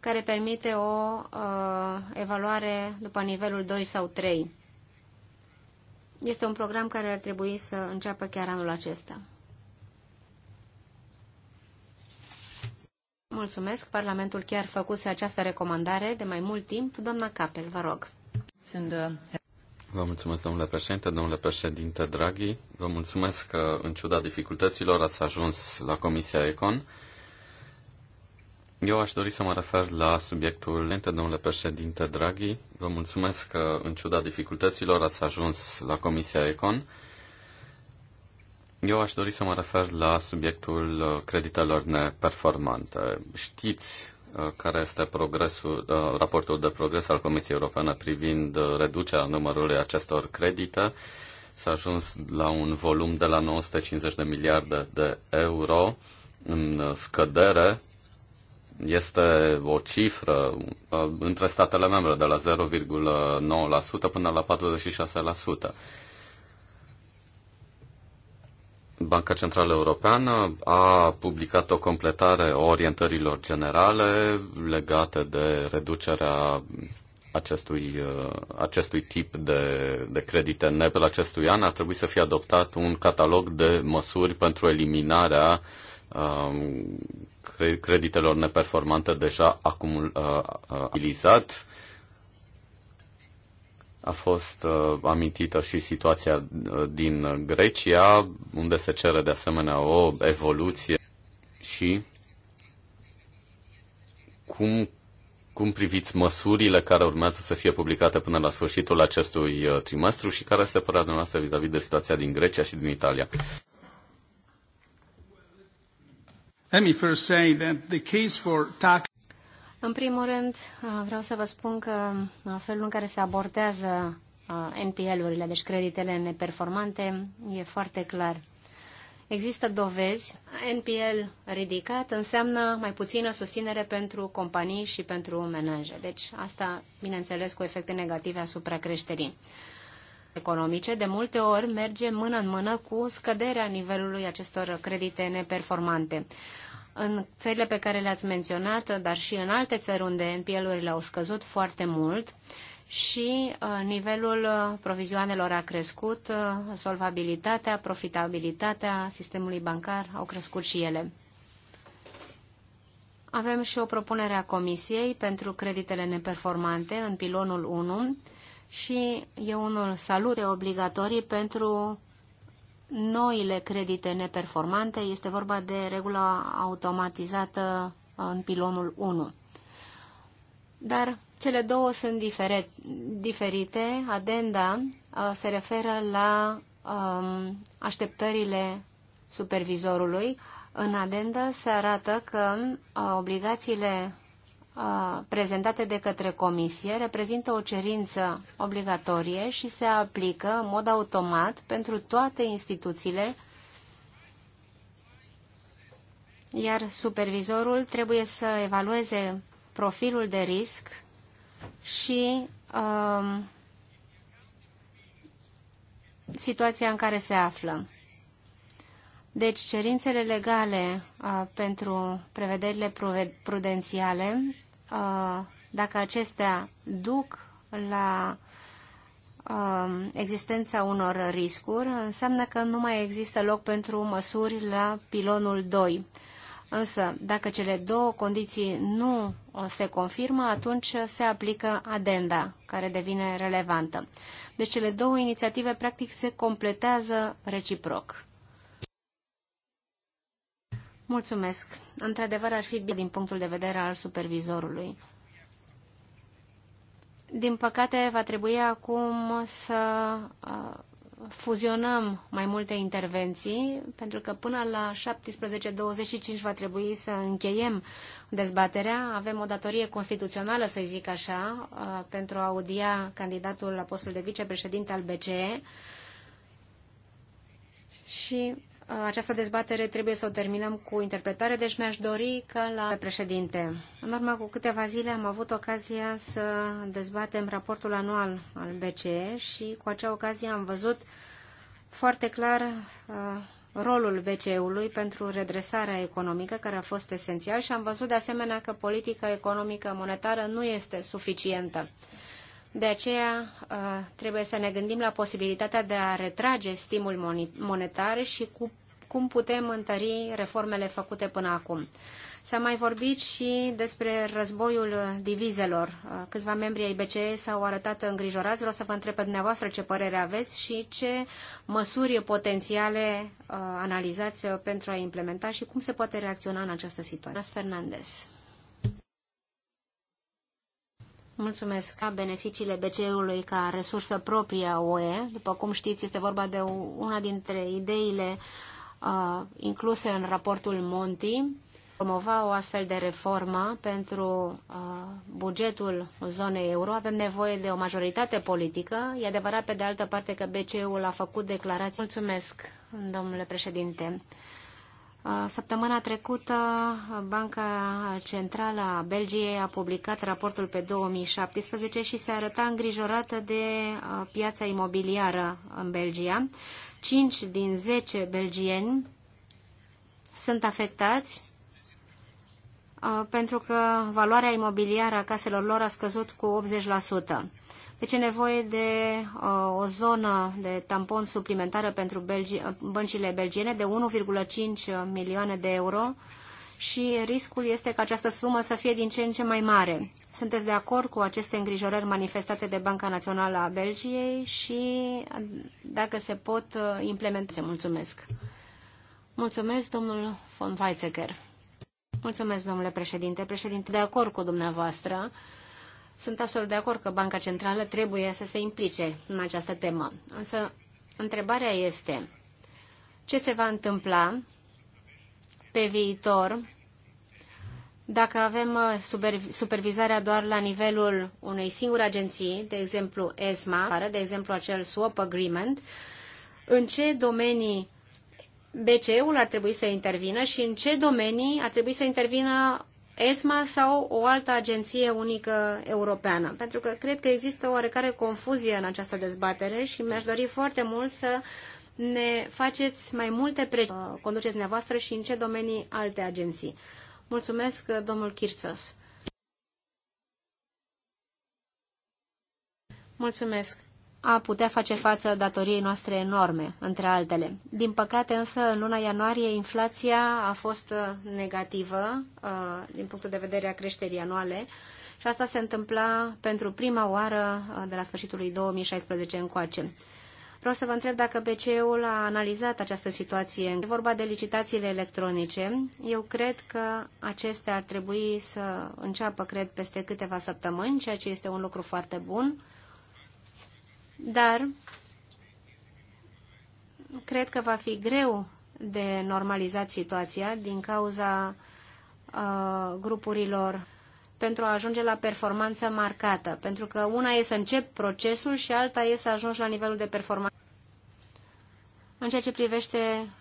care permite o uh, evaluare după nivelul 2 sau 3. Este un program care ar trebui să înceapă chiar anul acesta. Mulțumesc. Parlamentul chiar făcuse această recomandare de mai mult timp. Doamna Capel, vă rog. Sunt uh, Vă mulțumesc, domnule președinte, domnule președinte Draghi. Vă mulțumesc că, în ciuda dificultăților, ați ajuns la Comisia Econ. Eu aș dori să mă refer la subiectul lente, domnule președinte Draghi. Vă mulțumesc că, în ciuda dificultăților, ați ajuns la Comisia Econ. Eu aș dori să mă refer la subiectul uh, creditelor neperformante. Știți uh, care este progresul, uh, raportul de progres al Comisiei Europene privind reducerea numărului acestor credite. S-a ajuns la un volum de la 950 de miliarde de euro în scădere. Este o cifră între statele membre de la 0,9% până la 46%. Banca Centrală Europeană a publicat o completare a orientărilor generale legate de reducerea acestui, uh, acestui tip de, de credite NEPL acestui an. Ar trebui să fie adoptat un catalog de măsuri pentru eliminarea um, creditelor neperformante deja acumul, uh, uh, a fost uh, amintită și situația uh, din Grecia, unde se cere de asemenea o evoluție și cum, cum priviți măsurile care urmează să fie publicate până la sfârșitul acestui uh, trimestru și care este părerea dumneavoastră vis-a-vis de situația din Grecia și din Italia? Let me first say that the case for tax în primul rând, vreau să vă spun că felul în care se abordează NPL-urile, deci creditele neperformante, e foarte clar. Există dovezi. NPL ridicat înseamnă mai puțină susținere pentru companii și pentru menaje. Deci asta, bineînțeles, cu efecte negative asupra creșterii economice, de multe ori merge mână în mână cu scăderea nivelului acestor credite neperformante în țările pe care le-ați menționat, dar și în alte țări unde NPL-urile au scăzut foarte mult și uh, nivelul uh, provizioanelor a crescut, uh, solvabilitatea, profitabilitatea sistemului bancar au crescut și ele. Avem și o propunere a Comisiei pentru creditele neperformante în pilonul 1 și eu unul salut obligatorii pentru noile credite neperformante. Este vorba de regula automatizată uh, în pilonul 1. Dar cele două sunt diferite. Adenda uh, se referă la um, așteptările supervizorului. În adenda se arată că uh, obligațiile prezentate de către comisie reprezintă o cerință obligatorie și se aplică în mod automat pentru toate instituțiile, iar supervizorul trebuie să evalueze profilul de risc și uh, situația în care se află. Deci, cerințele legale uh, pentru prevederile prudențiale Uh, dacă acestea duc la um, existența unor riscuri, înseamnă că nu mai există loc pentru măsuri la pilonul 2. Însă, dacă cele două condiții nu se confirmă, atunci se aplică adenda, care devine relevantă. Deci cele două inițiative, practic, se completează reciproc. Mulțumesc. Într-adevăr, ar fi bine din punctul de vedere al supervizorului. Din păcate, va trebui acum să uh, fuzionăm mai multe intervenții, pentru că până la 17.25 va trebui să încheiem dezbaterea. Avem o datorie constituțională, să zic așa, uh, pentru a audia candidatul la postul de vicepreședinte al BCE. Și această dezbatere trebuie să o terminăm cu interpretare, deci mi-aș dori ca la președinte. În urmă cu câteva zile am avut ocazia să dezbatem raportul anual al BCE și cu acea ocazie am văzut foarte clar uh, rolul BCE-ului pentru redresarea economică, care a fost esențial și am văzut de asemenea că politica economică monetară nu este suficientă. De aceea uh, trebuie să ne gândim la posibilitatea de a retrage stimul monetar și cu cum putem întări reformele făcute până acum. S-a mai vorbit și despre războiul divizelor. Câțiva membri ai BCE s-au arătat îngrijorați. Vreau să vă întreb pe dumneavoastră ce părere aveți și ce măsuri potențiale uh, analizați uh, pentru a implementa și cum se poate reacționa în această situație. Fernandez. Mulțumesc. Ca beneficiile BCE-ului ca resursă proprie a UE, după cum știți, este vorba de una dintre ideile uh, incluse în raportul Monti, promova o astfel de reformă pentru uh, bugetul zonei euro. Avem nevoie de o majoritate politică. E adevărat, pe de altă parte, că BCE-ul a făcut declarații. Mulțumesc, domnule președinte. Săptămâna trecută, Banca Centrală a Belgiei a publicat raportul pe 2017 și se arăta îngrijorată de piața imobiliară în Belgia. 5 din 10 belgieni sunt afectați Uh, pentru că valoarea imobiliară a caselor lor a scăzut cu 80%. Deci e nevoie de uh, o zonă de tampon suplimentară pentru belgi uh, băncile belgiene de 1,5 milioane de euro și riscul este ca această sumă să fie din ce în ce mai mare. Sunteți de acord cu aceste îngrijorări manifestate de Banca Națională a Belgiei și dacă se pot uh, implementa? Mulțumesc. Mulțumesc, domnul von Weizsäcker. Mulțumesc, domnule președinte. Președinte, de acord cu dumneavoastră. Sunt absolut de acord că Banca Centrală trebuie să se implice în această temă. Însă, întrebarea este ce se va întâmpla pe viitor dacă avem uh, supervizarea doar la nivelul unei singure agenții, de exemplu ESMA, de exemplu acel swap agreement, în ce domenii BCE-ul ar trebui să intervină și în ce domenii ar trebui să intervină ESMA sau o altă agenție unică europeană. Pentru că cred că există oarecare confuzie în această dezbatere și mi-aș dori foarte mult să ne faceți mai multe preci, ă, conduceți dumneavoastră și în ce domenii alte agenții. Mulțumesc, domnul Kirțos. Mulțumesc a putea face față datoriei noastre enorme, între altele. Din păcate, însă, în luna ianuarie, inflația a fost uh, negativă uh, din punctul de vedere a creșterii anuale și asta se întâmpla pentru prima oară uh, de la sfârșitul lui 2016 încoace. Vreau să vă întreb dacă BCE-ul a analizat această situație. E vorba de licitațiile electronice. Eu cred că acestea ar trebui să înceapă, cred, peste câteva săptămâni, ceea ce este un lucru foarte bun dar cred că va fi greu de normalizat situația din cauza uh, grupurilor pentru a ajunge la performanță marcată. Pentru că una e să încep procesul și alta e să ajungi la nivelul de performanță. În ceea ce privește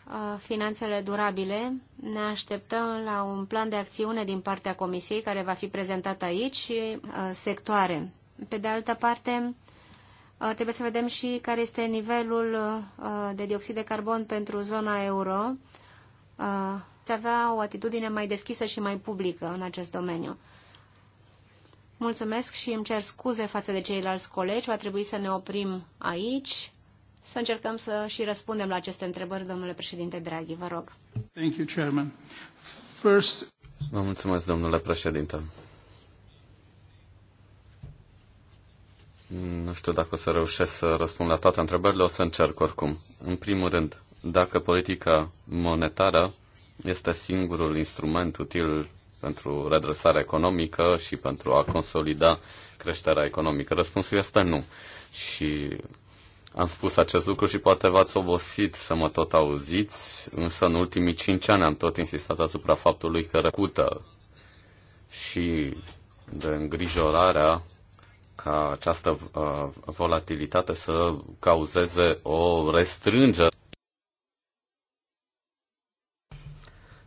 uh, finanțele durabile, ne așteptăm la un plan de acțiune din partea Comisiei, care va fi prezentat aici, uh, sectoare. Pe de altă parte, uh, Uh, trebuie să vedem și care este nivelul uh, de dioxid de carbon pentru zona euro. Uh, se avea o atitudine mai deschisă și mai publică în acest domeniu. Mulțumesc și îmi cer scuze față de ceilalți colegi. Va trebui să ne oprim aici, să încercăm să și răspundem la aceste întrebări, domnule președinte Draghi, vă rog. Thank you, Chairman. First... Vă mulțumesc, domnule președinte. Nu știu dacă o să reușesc să răspund la toate întrebările, o să încerc oricum. În primul rând, dacă politica monetară este singurul instrument util pentru redresarea economică și pentru a consolida creșterea economică? Răspunsul este nu. Și am spus acest lucru și poate v-ați obosit să mă tot auziți, însă în ultimii cinci ani am tot insistat asupra faptului că recută și de îngrijorarea ca această uh, volatilitate să cauzeze o restrângere.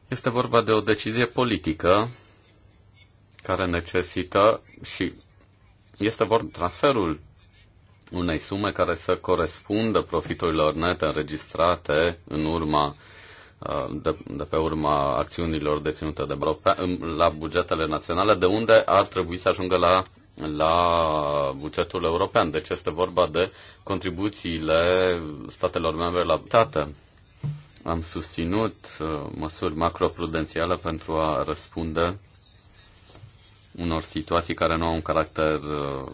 Este vorba de o decizie politică care necesită și este vorba de transferul unei sume care să corespundă profiturilor nete înregistrate în urma uh, de, de pe urma acțiunilor deținute de la bugetele naționale, de unde ar trebui să ajungă la la bugetul european. Deci este vorba de contribuțiile statelor membre la tată. Am susținut uh, măsuri macroprudențiale pentru a răspunde unor situații care nu au un caracter uh,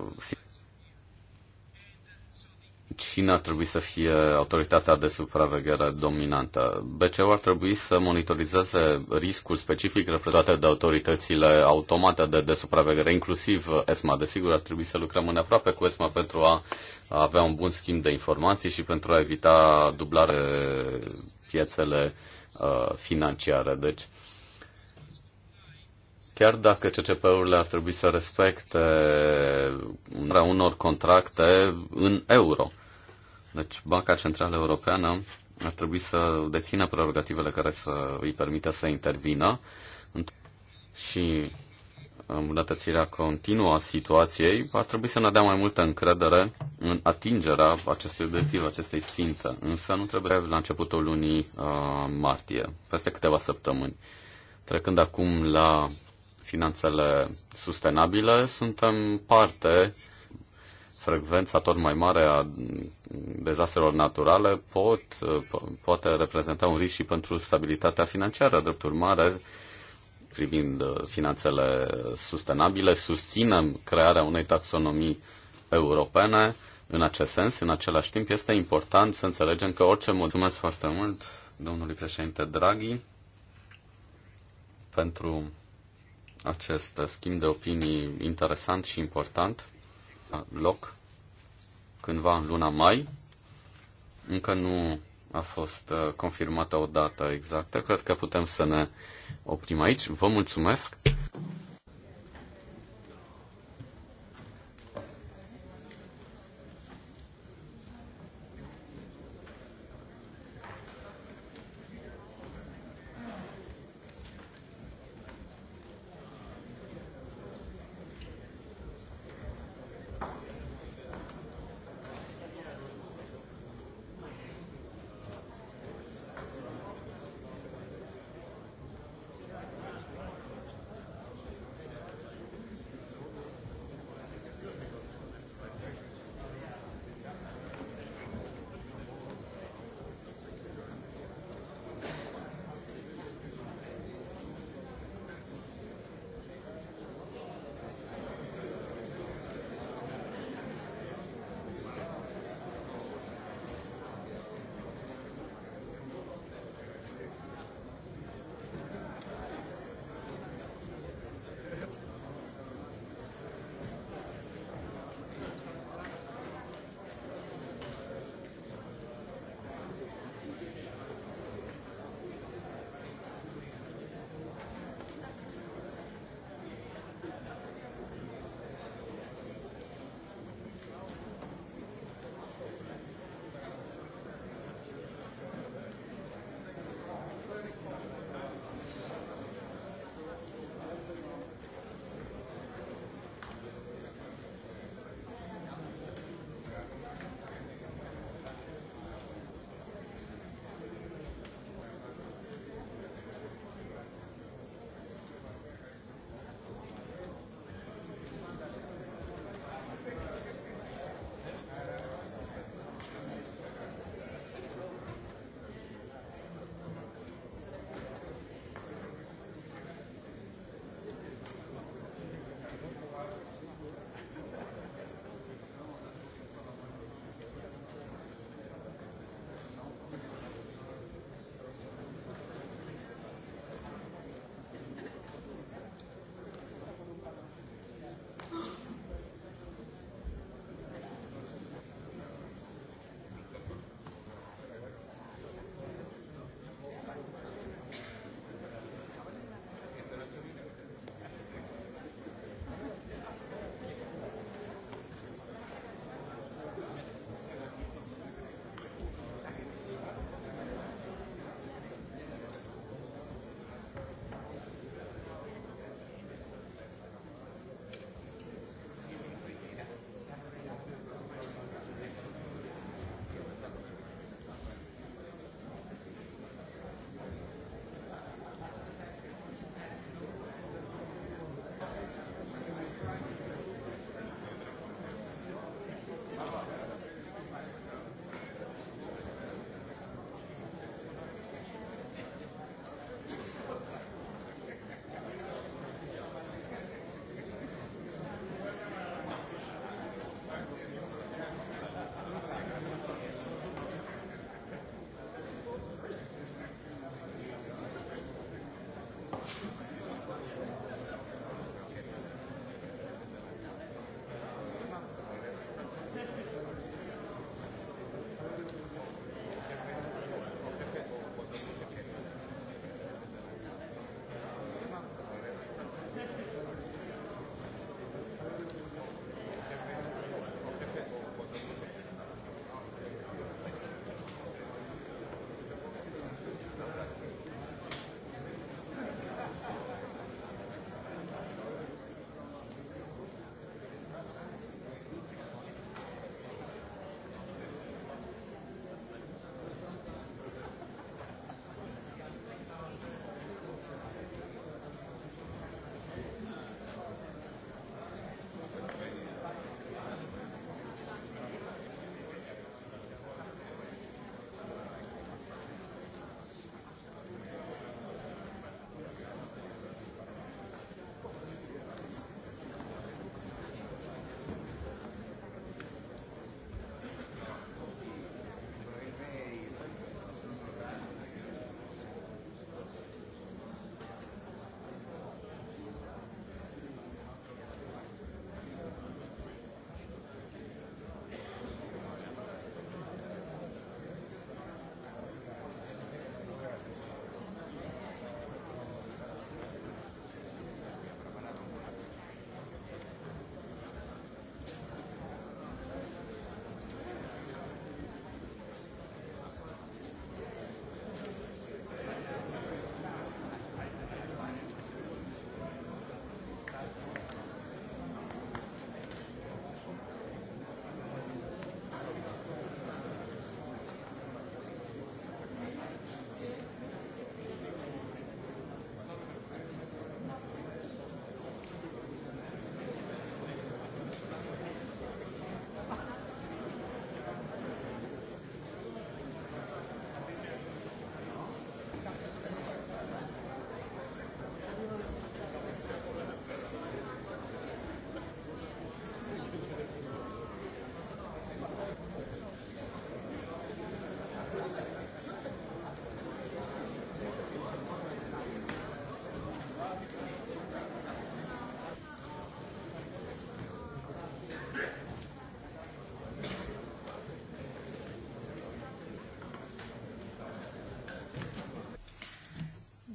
cine ar trebui să fie autoritatea de supraveghere dominantă? BCE ar trebui să monitorizeze riscul specific reprezentate de autoritățile automate de, de supraveghere, inclusiv ESMA. Desigur, ar trebui să lucrăm aproape cu ESMA pentru a avea un bun schimb de informații și pentru a evita dublare piețele uh, financiare. Deci, chiar dacă CCP-urile ar trebui să respecte unor contracte în euro. Deci Banca Centrală Europeană ar trebui să dețină prerogativele care să îi permită să intervină și îmbunătățirea continuă a situației ar trebui să ne dea mai multă încredere în atingerea acestui obiectiv, acestei ținte. Însă nu trebuie la începutul lunii uh, martie, peste câteva săptămâni. Trecând acum la finanțele sustenabile, suntem parte frecvența tot mai mare a dezastrelor naturale pot, poate reprezenta un risc și pentru stabilitatea financiară. Drept urmare, privind uh, finanțele sustenabile, susținem crearea unei taxonomii europene în acest sens. În același timp, este important să înțelegem că orice... Mulțumesc foarte mult domnului președinte Draghi pentru acest schimb de opinii interesant și important loc cândva în luna mai. Încă nu a fost uh, confirmată o dată exactă. Cred că putem să ne oprim aici. Vă mulțumesc!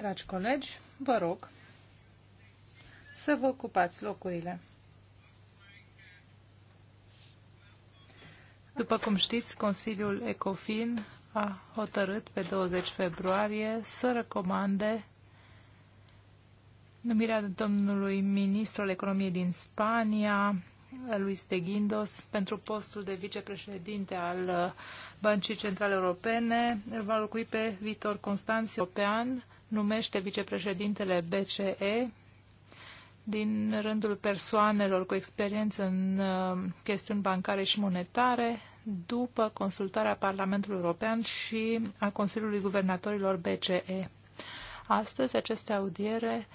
Dragi colegi, vă rog să vă ocupați locurile. După cum știți, Consiliul ECOFIN a hotărât pe 20 februarie să recomande numirea domnului ministru al economiei din Spania, Luis de Guindos, pentru postul de vicepreședinte al uh, Băncii Centrale Europene. Îl va locui pe Vitor Constanțiu European, numește vicepreședintele BCE din rândul persoanelor cu experiență în uh, chestiuni bancare și monetare, după consultarea Parlamentului European și a Consiliului Guvernatorilor BCE. Astăzi, aceste audiere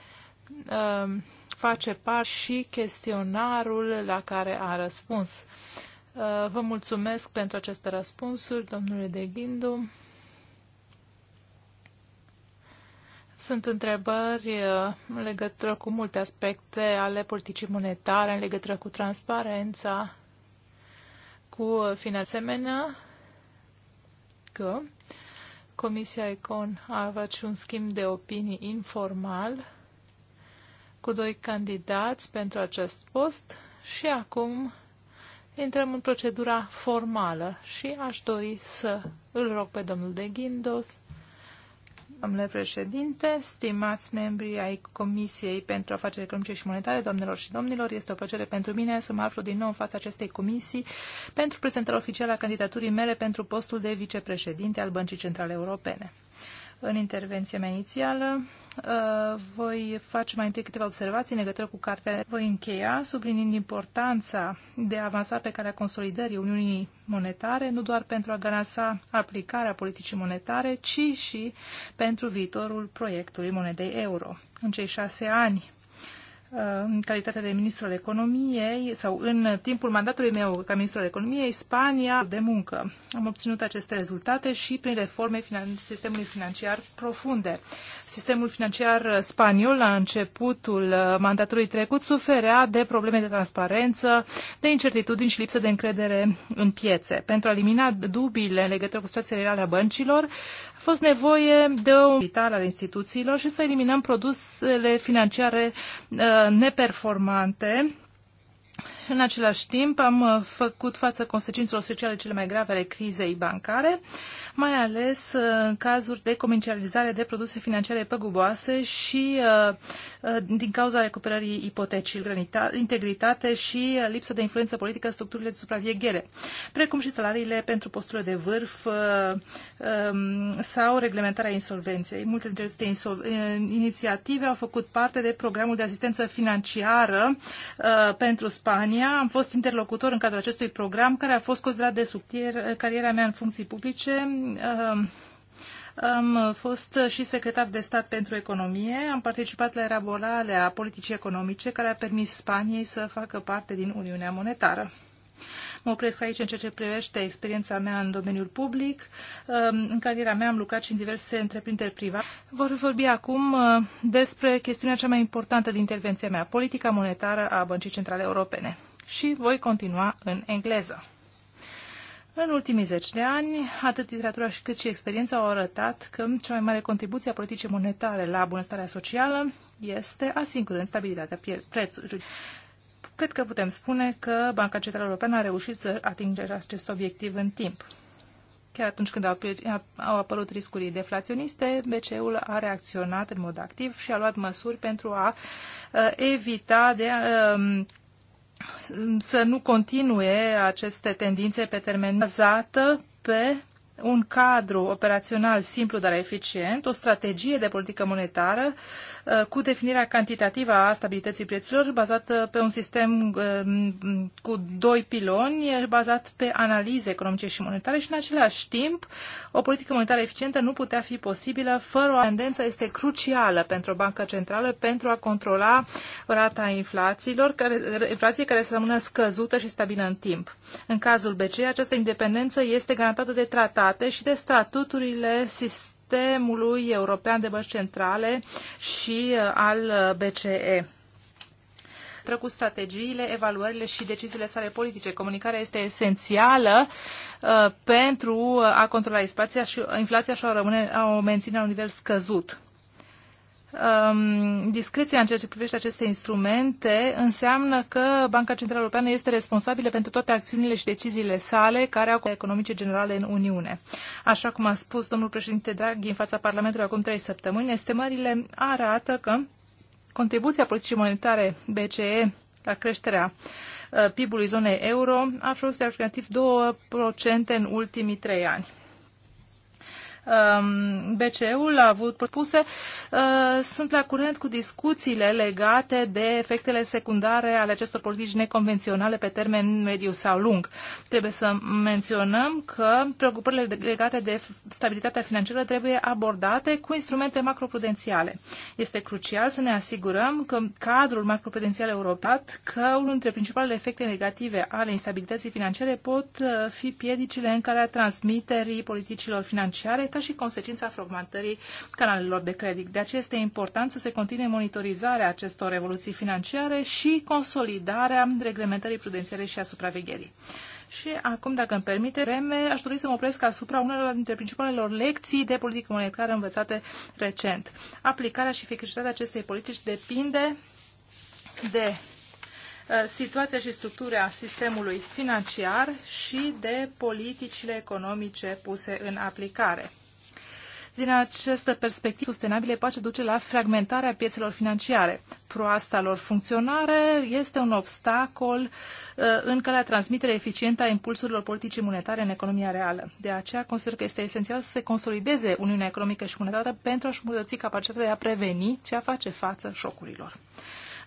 uh, face parte și chestionarul la care a răspuns. Uh, vă mulțumesc pentru aceste răspunsuri, domnule De Ghindu. Sunt întrebări uh, în legătură cu multe aspecte ale politicii monetare, în legătură cu transparența, cu finanțemenea, uh, că Comisia Econ a avut și un schimb de opinii informal cu doi candidați pentru acest post și acum intrăm în procedura formală și aș dori să îl rog pe domnul de Ghindos domnule președinte, stimați membri ai Comisiei pentru Afaceri Economice și Monetare, doamnelor și domnilor, este o plăcere pentru mine să mă aflu din nou în fața acestei comisii pentru prezentarea oficială a candidaturii mele pentru postul de vicepreședinte al Băncii Centrale Europene în intervenția mea inițială. Uh, voi face mai întâi câteva observații în legătură cu cartea. Voi încheia sublinind importanța de a avansa pe calea consolidării Uniunii monetare, nu doar pentru a garanta aplicarea politicii monetare, ci și pentru viitorul proiectului monedei euro. În cei șase ani Uh, în calitate de ministru al economiei sau în timpul mandatului meu ca ministru al economiei, Spania de muncă. Am obținut aceste rezultate și prin reforme finan- sistemului financiar profunde. Sistemul financiar uh, spaniol, la începutul uh, mandatului trecut, suferea de probleme de transparență, de incertitudini și lipsă de încredere în piețe. Pentru a elimina dubiile în legătură cu situația reală a băncilor, a fost nevoie de o vitală al instituțiilor și să eliminăm produsele financiare uh, neperformante în același timp, am uh, făcut față consecințelor sociale cele mai grave ale crizei bancare, mai ales uh, în cazuri de comercializare de produse financiare păguboase și uh, din cauza recuperării ipotecii, integritate și lipsă de influență politică în structurile de supraveghere, precum și salariile pentru posturile de vârf um, sau reglementarea insolvenței. Multe dintre aceste inițiative au făcut parte de programul de asistență financiară pentru Spania, România am fost interlocutor în cadrul acestui program care a fost considerat de subtier cariera mea în funcții publice. Am fost și secretar de stat pentru economie, am participat la elaborarea politicii economice care a permis Spaniei să facă parte din Uniunea Monetară. Mă opresc aici în ceea ce privește experiența mea în domeniul public. În cariera mea am lucrat și în diverse întreprinderi private. Vor vorbi acum uh, despre chestiunea cea mai importantă din intervenția mea, politica monetară a Băncii Centrale Europene și voi continua în engleză. În ultimii zeci de ani, atât literatura cât și experiența au arătat că cea mai mare contribuție a politicii monetare la bunăstarea socială este asigurând stabilitatea prețurilor. Cred că putem spune că Banca Centrală Europeană a reușit să atingă acest obiectiv în timp. Chiar atunci când au apărut riscuri deflaționiste, BCE-ul a reacționat în mod activ și a luat măsuri pentru a uh, evita de a, uh, să nu continue aceste tendințe pe termen bazată pe un cadru operațional simplu, dar eficient, o strategie de politică monetară Uh, cu definirea cantitativă a stabilității prețurilor bazată uh, pe un sistem um, cu doi piloni, bazat pe analize economice și monetare și în același timp o politică monetară eficientă nu putea fi posibilă fără o tendență este crucială pentru Banca Centrală pentru a controla rata inflațiilor, care, inflație care să rămână scăzută și stabilă în timp. În cazul BCE, această independență este garantată de tratate și de statuturile sistemului sistemului european de bănci centrale și uh, al uh, BCE cu strategiile, evaluările și deciziile sale politice. Comunicarea este esențială uh, pentru a controla inflația și, uh, inflația și a, rămâne, a o menține la un nivel scăzut um, discreția în ceea ce privește aceste instrumente înseamnă că Banca Centrală Europeană este responsabilă pentru toate acțiunile și deciziile sale care au economice generale în Uniune. Așa cum a spus domnul președinte Draghi în fața Parlamentului acum trei săptămâni, estimările arată că contribuția politicii monetare BCE la creșterea uh, PIB-ului zonei euro a fost de aproximativ 2% în ultimii trei ani. Um, BCE-ul a avut propuse, uh, sunt la curent cu discuțiile legate de efectele secundare ale acestor politici neconvenționale pe termen mediu sau lung. Trebuie să menționăm că preocupările legate de stabilitatea financiară trebuie abordate cu instrumente macroprudențiale. Este crucial să ne asigurăm că cadrul macroprudențial european, că unul dintre principalele efecte negative ale instabilității financiare pot uh, fi piedicile în care a transmiterii politicilor financiare ca și consecința fragmentării canalelor de credit. De aceea este important să se continue monitorizarea acestor evoluții financiare și consolidarea reglementării prudențiale și a supravegherii. Și acum, dacă îmi permite vreme, aș dori să mă opresc asupra unor dintre principalelor lecții de politică monetară învățate recent. Aplicarea și eficacitatea acestei politici depinde de uh, situația și structura sistemului financiar și de politicile economice puse în aplicare. Din această perspectivă sustenabile, pace duce la fragmentarea piețelor financiare. Proasta lor funcționare este un obstacol uh, în calea transmiterea eficientă a impulsurilor politicii monetare în economia reală. De aceea consider că este esențial să se consolideze Uniunea Economică și Monetară pentru a-și îmbunătăți capacitatea de a preveni și a face față șocurilor.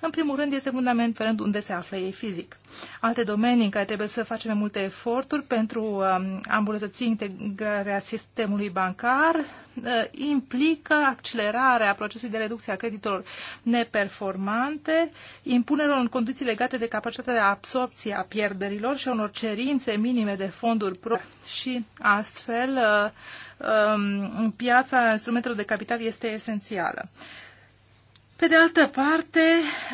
În primul rând, este fundamental unde se află ei fizic. Alte domenii în care trebuie să facem multe eforturi pentru um, a îmbunătăți integrarea sistemului bancar uh, implică accelerarea procesului de reducție a creditelor neperformante, impunerea în condiții legate de capacitatea de absorpție a pierderilor și a unor cerințe minime de fonduri proprii și astfel uh, um, piața instrumentelor de capital este esențială. Pe de altă parte,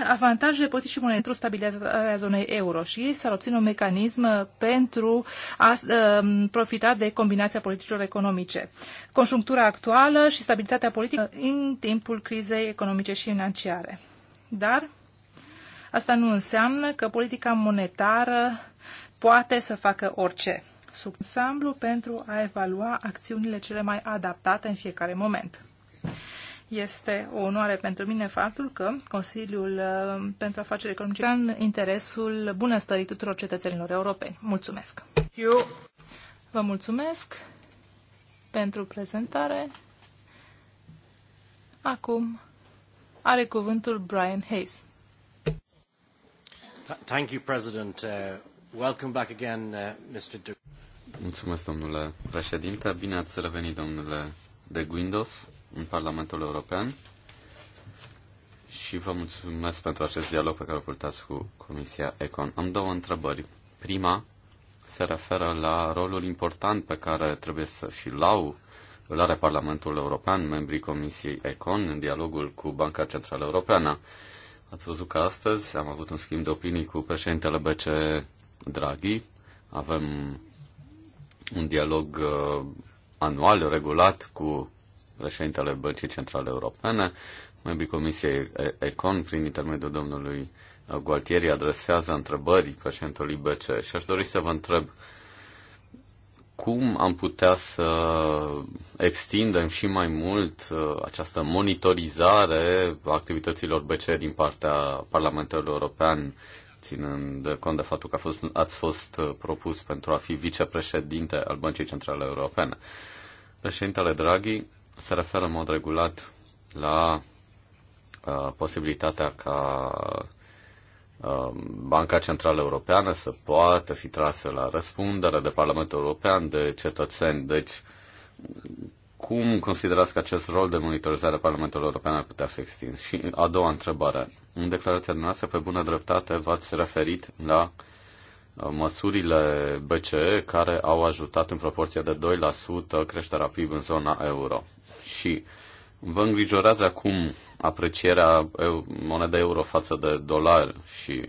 avantajele politicii monetare stabilează a zonei euro și ei s-ar obține un mecanism pentru a um, profita de combinația politicilor economice. Conjunctura actuală și stabilitatea politică în timpul crizei economice și financiare. Dar asta nu înseamnă că politica monetară poate să facă orice sub ansamblu pentru a evalua acțiunile cele mai adaptate în fiecare moment. Este o onoare pentru mine faptul că Consiliul uh, pentru Afaceri Economice în interesul bunăstării tuturor cetățenilor europeni. Mulțumesc! Eu. Vă mulțumesc pentru prezentare. Acum are cuvântul Brian Hayes. Thank you, President. Uh, welcome back again, uh, Mr. De... Mulțumesc, domnule președinte. Bine ați revenit, domnule de Guindos în Parlamentul European și vă mulțumesc pentru acest dialog pe care îl purtați cu Comisia Econ. Am două întrebări. Prima se referă la rolul important pe care trebuie să și lau îl are Parlamentul European, membrii Comisiei Econ, în dialogul cu Banca Centrală Europeană. Ați văzut că astăzi am avut un schimb de opinii cu președintele BC Draghi. Avem un dialog uh, anual, regulat cu președintele Băncii Centrale Europene, membrii Comisiei Econ, prin intermediul domnului Gualtieri, adresează întrebări președintelui BC și aș dori să vă întreb cum am putea să extindem și mai mult uh, această monitorizare a activităților BCE din partea Parlamentului European, ținând cont de faptul că a fost, ați fost uh, propus pentru a fi vicepreședinte al Băncii Centrale Europene. Președintele Draghi se referă în mod regulat la uh, posibilitatea ca uh, Banca Centrală Europeană să poată fi trasă la răspundere de Parlamentul European, de cetățeni. Deci, cum considerați că acest rol de monitorizare a Parlamentului European ar putea fi extins? Și a doua întrebare. În declarația noastră, pe bună dreptate, v-ați referit la uh, măsurile BCE care au ajutat în proporție de 2% creșterea PIB în zona euro și vă îngrijorează acum aprecierea monedei euro față de dolar și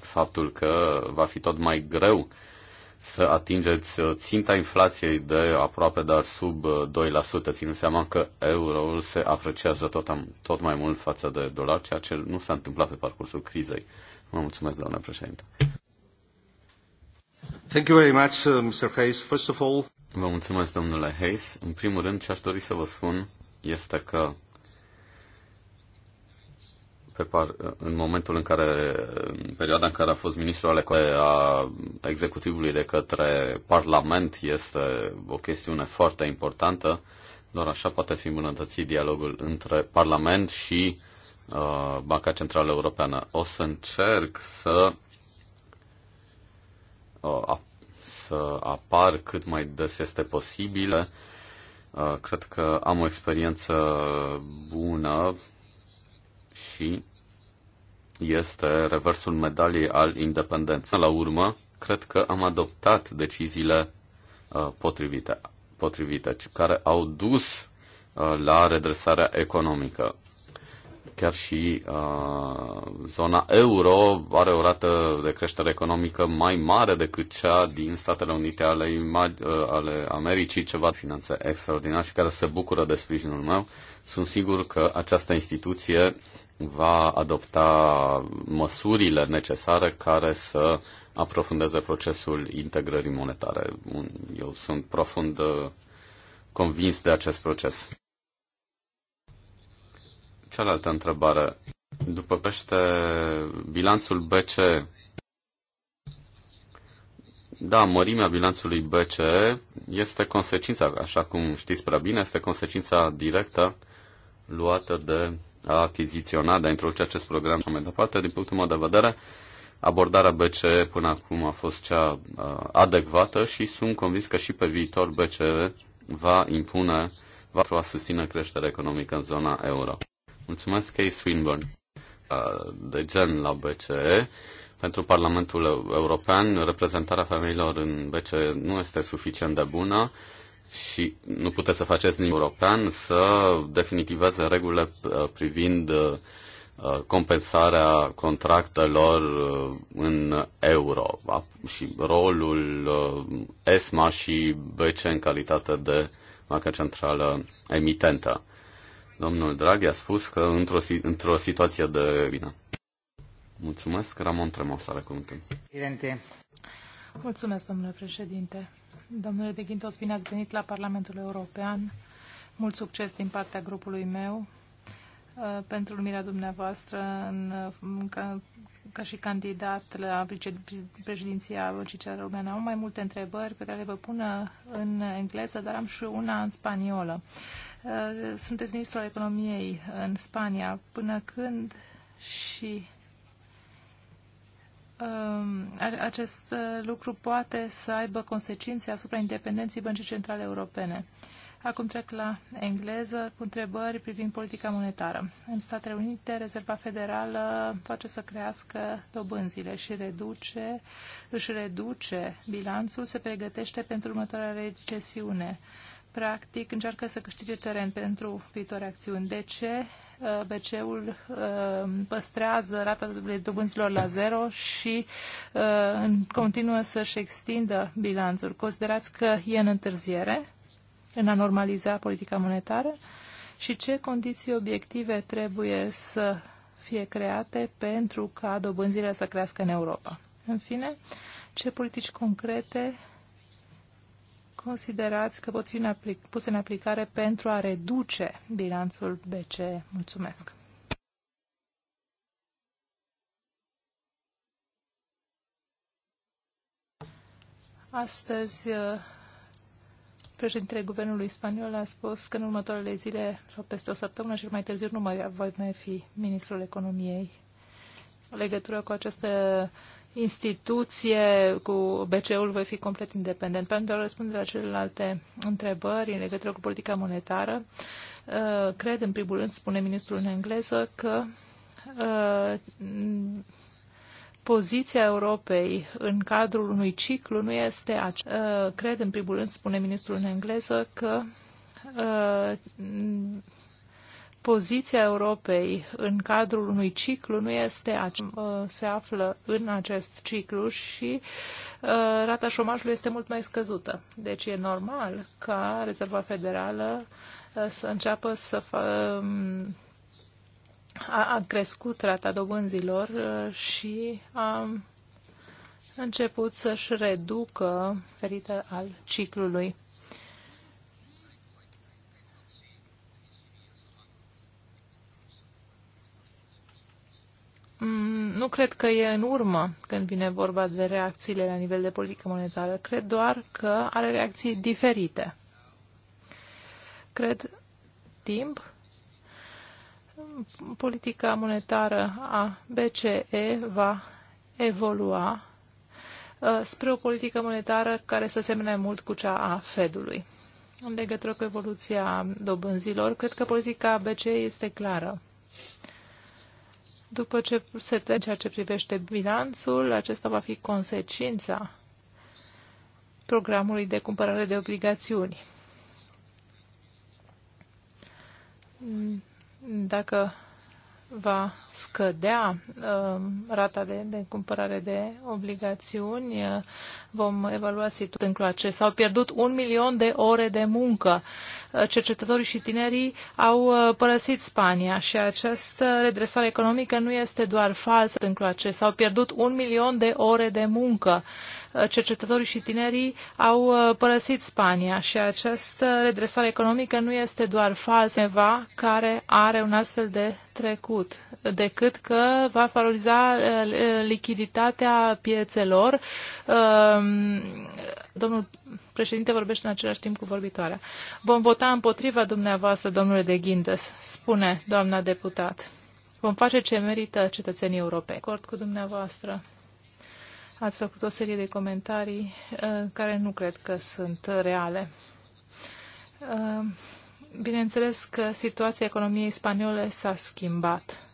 faptul că va fi tot mai greu să atingeți uh, ținta inflației de aproape, dar sub 2%, uh, ținând seama că euroul se apreciază tot, am, tot mai mult față de dolar, ceea ce nu s-a întâmplat pe parcursul crizei. Vă mulțumesc, doamnă președinte. Thank you very much, uh, Mr. Hayes. First of all... Vă mulțumesc, domnule Hayes. În primul rând, ce aș dori să vă spun este că pe par, în momentul în care, în perioada în care a fost ministrul ale a executivului de către Parlament, este o chestiune foarte importantă. Doar așa poate fi îmbunătățit dialogul între Parlament și uh, Banca Centrală Europeană. O să încerc să uh, să apar cât mai des este posibil. Uh, cred că am o experiență bună și este reversul medaliei al independenței. La urmă, cred că am adoptat deciziile uh, potrivite, potrivite care au dus uh, la redresarea economică. Chiar și uh, zona euro are o rată de creștere economică mai mare decât cea din Statele Unite ale, imag- ale Americii, ceva finanțe extraordinar și care se bucură de sprijinul meu. Sunt sigur că această instituție va adopta măsurile necesare care să aprofundeze procesul integrării monetare. Eu sunt profund convins de acest proces. Cealaltă întrebare. După pește, bilanțul BCE. Da, mărimea bilanțului BCE este consecința, așa cum știți prea bine, este consecința directă luată de a achiziționa, de a introduce acest program și mai departe. Din punctul meu de vedere, abordarea BCE până acum a fost cea adecvată și sunt convins că și pe viitor BCE va impune, va susține creșterea economică în zona euro. Mulțumesc, Kay Swinburne, uh, de gen la BCE. Pentru Parlamentul European, reprezentarea femeilor în BCE nu este suficient de bună și nu puteți să faceți nimic european să definitiveze regulile uh, privind uh, compensarea contractelor în euro și rolul ESMA și BCE în calitate de bancă centrală emitentă. Domnul Draghi a spus că într-o, într-o situație de bine. Mulțumesc, Ramon Tremos, are cuvântul. Mulțumesc, domnule președinte. Domnule de Ghintos, bine ați venit la Parlamentul European. Mult succes din partea grupului meu uh, pentru numirea dumneavoastră în, uh, ca, ca și candidat la președinția Băncii Română. Am mai multe întrebări pe care le vă pun uh, în engleză, dar am și una în spaniolă. Uh, Uh, sunteți ministru al economiei în Spania. Până când și um, acest uh, lucru poate să aibă consecințe asupra independenței Băncii Centrale Europene. Acum trec la engleză cu întrebări privind politica monetară. În Statele Unite, Rezerva Federală face să crească dobânzile și reduce, își reduce bilanțul, se pregătește pentru următoarea recesiune practic, încearcă să câștige teren pentru viitoare acțiuni. De ce uh, BCE-ul uh, păstrează rata dobânzilor la zero și uh, continuă să-și extindă bilanțul? Considerați că e în întârziere în a normaliza politica monetară? Și ce condiții obiective trebuie să fie create pentru ca dobânzile să crească în Europa? În fine, ce politici concrete considerați că pot fi în puse în aplicare pentru a reduce bilanțul BCE? Mulțumesc! Astăzi, uh, președintele Guvernului Spaniol a spus că în următoarele zile sau peste o săptămână și mai târziu nu mai voi mai fi ministrul economiei. În legătură cu această instituție cu BCE-ul voi fi complet independent. Pentru a răspunde la celelalte întrebări în legătură cu politica monetară, uh, cred, în primul rând, spune ministrul în engleză, că uh, poziția Europei în cadrul unui ciclu nu este aceea. Uh, cred, în primul rând, spune ministrul în engleză, că poziția Europei în cadrul unui ciclu nu este uh, se află în acest ciclu și uh, rata șomajului este mult mai scăzută. Deci e normal ca Rezerva Federală uh, să înceapă să fă, um, a, a crescut rata dobânzilor și a început să-și reducă ferită al ciclului Mm, nu cred că e în urmă când vine vorba de reacțiile la nivel de politică monetară. Cred doar că are reacții diferite. Cred timp politica monetară a BCE va evolua uh, spre o politică monetară care să semene mult cu cea a Fedului. În legătură cu evoluția dobânzilor, cred că politica BCE este clară. După ce se trece ceea ce privește bilanțul, acesta va fi consecința programului de cumpărare de obligațiuni. Dacă va scădea uh, rata de, de cumpărare de obligațiuni, uh, vom evalua situația în clace. S-au pierdut un milion de ore de muncă. Uh, cercetătorii și tinerii au uh, părăsit Spania și această redresare economică nu este doar falsă în cloace. S-au pierdut un milion de ore de muncă uh, cercetătorii și tinerii au uh, părăsit Spania și această redresare economică nu este doar falsă, ceva care are un astfel de trecut, decât că va valoriza lichiditatea piețelor, um, Domnul președinte vorbește în același timp cu vorbitoarea. Vom vota împotriva dumneavoastră, domnule de Ghindes, spune doamna deputat. Vom face ce merită cetățenii europeni. Acord cu dumneavoastră. Ați făcut o serie de comentarii uh, care nu cred că sunt reale. Uh, bineînțeles că situația economiei spaniole s-a schimbat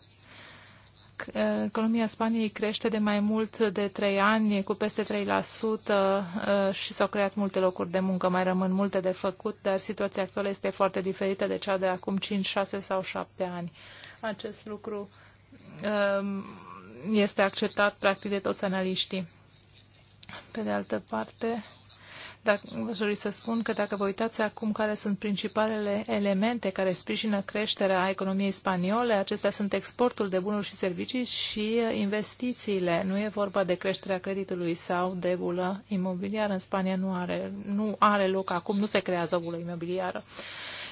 Uh, economia Spaniei crește de mai mult de 3 ani cu peste 3% uh, și s-au creat multe locuri de muncă. Mai rămân multe de făcut, dar situația actuală este foarte diferită de cea de acum 5, 6 sau 7 ani. Acest lucru um, este acceptat practic de toți analiștii. Pe de altă parte, dacă, vă dori să spun că dacă vă uitați acum care sunt principalele elemente care sprijină creșterea economiei spaniole, acestea sunt exportul de bunuri și servicii și investițiile. Nu e vorba de creșterea creditului sau de bulă imobiliară. În Spania nu are, nu are loc acum, nu se creează o bulă imobiliară.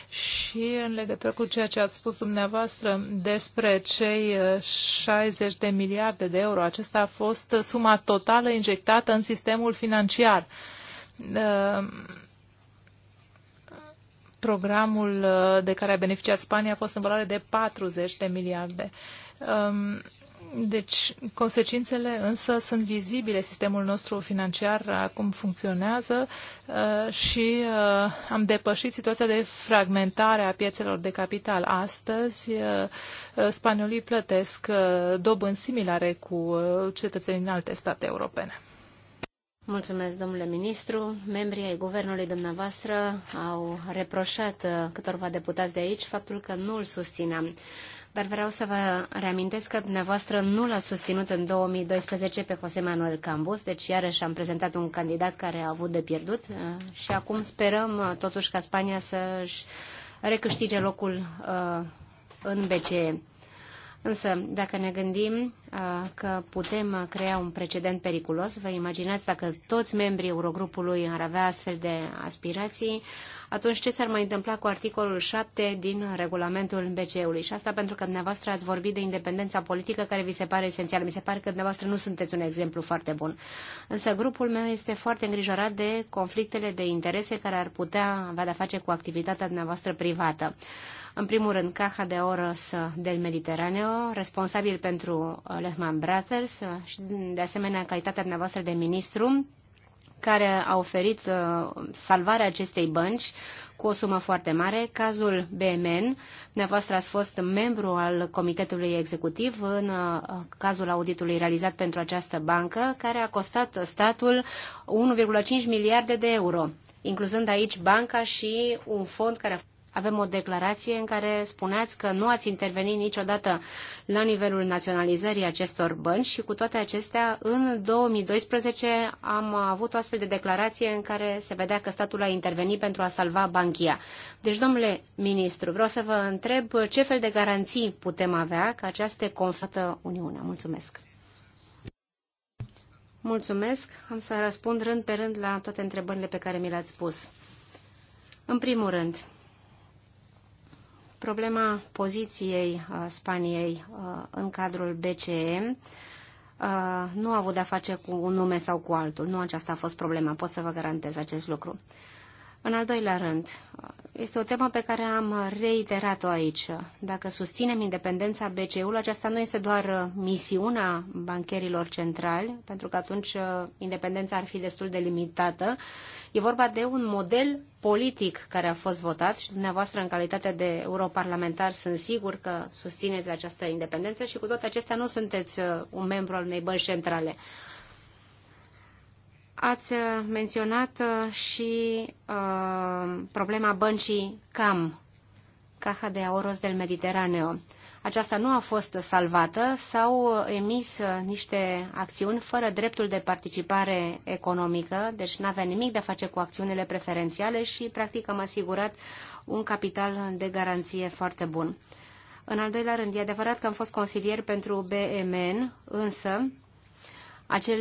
Și în legătură cu ceea ce ați spus dumneavoastră despre cei 60 uh, de miliarde de euro, acesta a fost suma totală injectată în sistemul financiar. Uh, programul uh, de care a beneficiat Spania a fost în valoare de 40 de miliarde. Um, deci, consecințele însă sunt vizibile. Sistemul nostru financiar acum funcționează uh, și am depășit situația de fragmentare a piețelor de capital. Astăzi, spaniolii plătesc dobândi similare cu cetățenii în alte state europene. Mulțumesc, domnule ministru. Membrii ai guvernului dumneavoastră au reproșat uh, câtorva deputați de aici faptul că nu îl susțineam. Dar vreau să vă reamintesc că dumneavoastră nu l-a susținut în 2012 pe José Manuel Cambus, deci iarăși am prezentat un candidat care a avut de pierdut uh, și acum sperăm uh, totuși ca Spania să-și recâștige locul în BCE. Însă, dacă ne gândim că putem crea un precedent periculos. Vă imaginați dacă toți membrii Eurogrupului ar avea astfel de aspirații, atunci ce s-ar mai întâmpla cu articolul 7 din regulamentul BCE-ului? Și asta pentru că dumneavoastră ați vorbit de independența politică care vi se pare esențială. Mi se pare că dumneavoastră nu sunteți un exemplu foarte bun. Însă grupul meu este foarte îngrijorat de conflictele de interese care ar putea avea de-a face cu activitatea dumneavoastră privată. În primul rând, Caja de Oros del Mediteraneo, responsabil pentru uh, Lehman Brothers uh, și de asemenea în calitatea dumneavoastră de ministru care a oferit uh, salvarea acestei bănci cu o sumă foarte mare. Cazul BMN, dumneavoastră ați fost membru al Comitetului Executiv în uh, cazul auditului realizat pentru această bancă, care a costat statul 1,5 miliarde de euro, incluzând aici banca și un fond care a fost avem o declarație în care spuneați că nu ați intervenit niciodată la nivelul naționalizării acestor bănci și cu toate acestea, în 2012 am avut o astfel de declarație în care se vedea că statul a intervenit pentru a salva banchia. Deci, domnule ministru, vreau să vă întreb ce fel de garanții putem avea că această confată Uniunea. Mulțumesc! Mulțumesc. Am să răspund rând pe rând la toate întrebările pe care mi le-ați pus. În primul rând, problema poziției uh, Spaniei uh, în cadrul BCE uh, nu a avut de-a face cu un nume sau cu altul. Nu aceasta a fost problema, pot să vă garantez acest lucru. În al doilea rând, este o temă pe care am reiterat-o aici. Dacă susținem independența BCE-ului, aceasta nu este doar uh, misiunea bancherilor centrali, pentru că atunci uh, independența ar fi destul de limitată. E vorba de un model politic care a fost votat și dumneavoastră, în calitate de europarlamentar, sunt sigur că susțineți această independență și cu toate acestea nu sunteți uh, un membru al unei bănci centrale. Ați uh, menționat uh, și uh, problema băncii CAM, Caja de Auros del Mediteraneo. Aceasta nu a fost salvată, s-au uh, emis niște acțiuni fără dreptul de participare economică, deci nu avea nimic de a face cu acțiunile preferențiale și, practic, am asigurat un capital de garanție foarte bun. În al doilea rând, e adevărat că am fost consilier pentru BMN, însă acel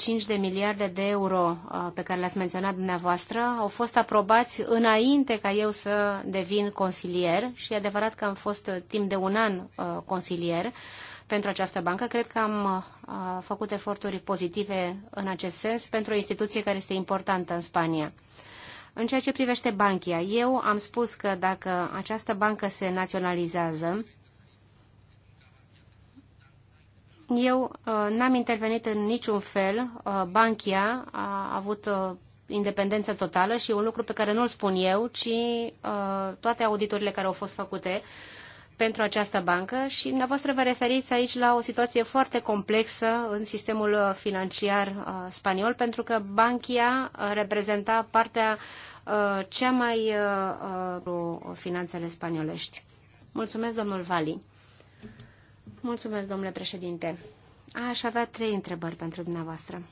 1,5 uh, de miliarde de euro uh, pe care le-ați menționat dumneavoastră au fost aprobați înainte ca eu să devin consilier și e adevărat că am fost uh, timp de un an consilier pentru această bancă. Cred că am făcut eforturi pozitive în acest sens pentru o instituție care este importantă în Spania. În ceea ce privește Banchia, eu am spus că dacă această bancă se naționalizează, eu uh, n-am intervenit în niciun fel. Uh, Banchia a avut uh, independență totală și un lucru pe care nu-l spun eu, ci toate auditorile care au fost făcute pentru această bancă și dumneavoastră vă referiți aici la o situație foarte complexă în sistemul financiar spaniol, pentru că Banchia reprezenta partea cea mai finanțele spaniolești. Mulțumesc, domnul Vali. Mulțumesc, domnule președinte. Aș avea trei întrebări pentru dumneavoastră.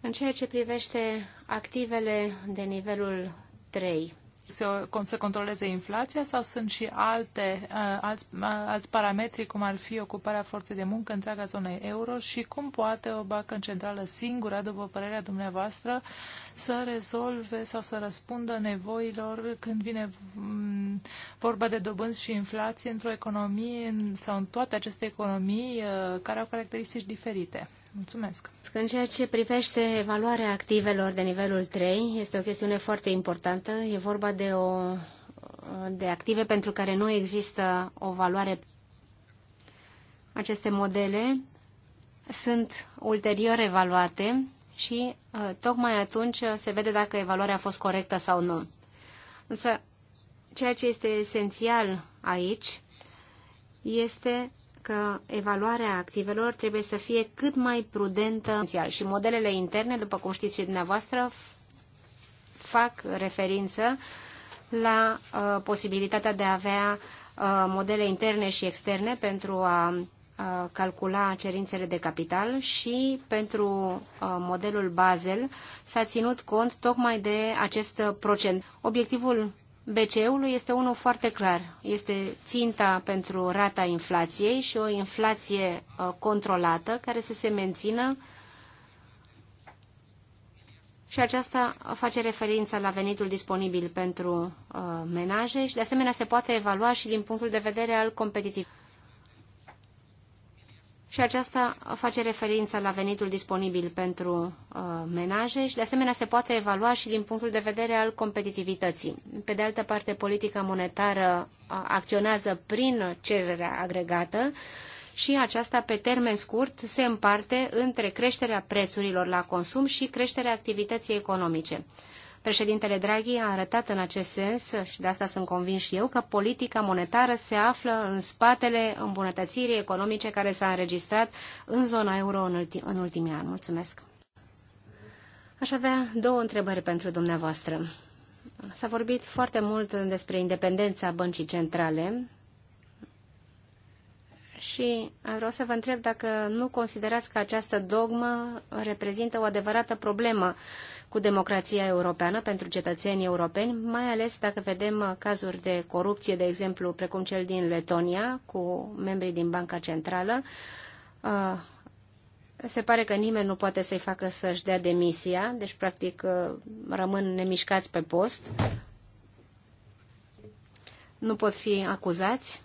În ceea ce privește activele de nivelul 3, se, se controleze inflația sau sunt și alte, uh, alți, uh, alți parametri, cum ar fi ocuparea forței de muncă întreaga zonă euro și cum poate o bancă centrală singură, după părerea dumneavoastră, să rezolve sau să răspundă nevoilor când vine mm, vorba de dobânzi și inflație într-o economie sau în toate aceste economii uh, care au caracteristici diferite? Mulțumesc. În ceea ce privește evaluarea activelor de nivelul 3, este o chestiune foarte importantă. E vorba de, o, de active pentru care nu există o valoare. Aceste modele sunt ulterior evaluate și uh, tocmai atunci se vede dacă evaluarea a fost corectă sau nu. Însă, ceea ce este esențial aici este că evaluarea activelor trebuie să fie cât mai prudentă și modelele interne, după cum știți și dumneavoastră, fac referință la uh, posibilitatea de a avea uh, modele interne și externe pentru a uh, calcula cerințele de capital și pentru uh, modelul Basel s-a ținut cont tocmai de acest procent. Obiectivul BCE-ului este unul foarte clar. Este ținta pentru rata inflației și o inflație uh, controlată care să se mențină și aceasta face referință la venitul disponibil pentru uh, menaje și de asemenea se poate evalua și din punctul de vedere al competitivității și aceasta face referință la venitul disponibil pentru uh, menaje și, de asemenea, se poate evalua și din punctul de vedere al competitivității. Pe de altă parte, politica monetară uh, acționează prin cererea agregată și aceasta, pe termen scurt, se împarte între creșterea prețurilor la consum și creșterea activității economice. Președintele Draghi a arătat în acest sens, și de asta sunt convins și eu, că politica monetară se află în spatele îmbunătățirii economice care s-a înregistrat în zona euro în, ultim, în ultimii ani. Mulțumesc! Aș avea două întrebări pentru dumneavoastră. S-a vorbit foarte mult despre independența băncii centrale și vreau să vă întreb dacă nu considerați că această dogmă reprezintă o adevărată problemă cu democrația europeană pentru cetățenii europeni, mai ales dacă vedem cazuri de corupție, de exemplu, precum cel din Letonia, cu membrii din Banca Centrală. Uh, se pare că nimeni nu poate să-i facă să-și dea demisia, deci, practic, uh, rămân nemișcați pe post, nu pot fi acuzați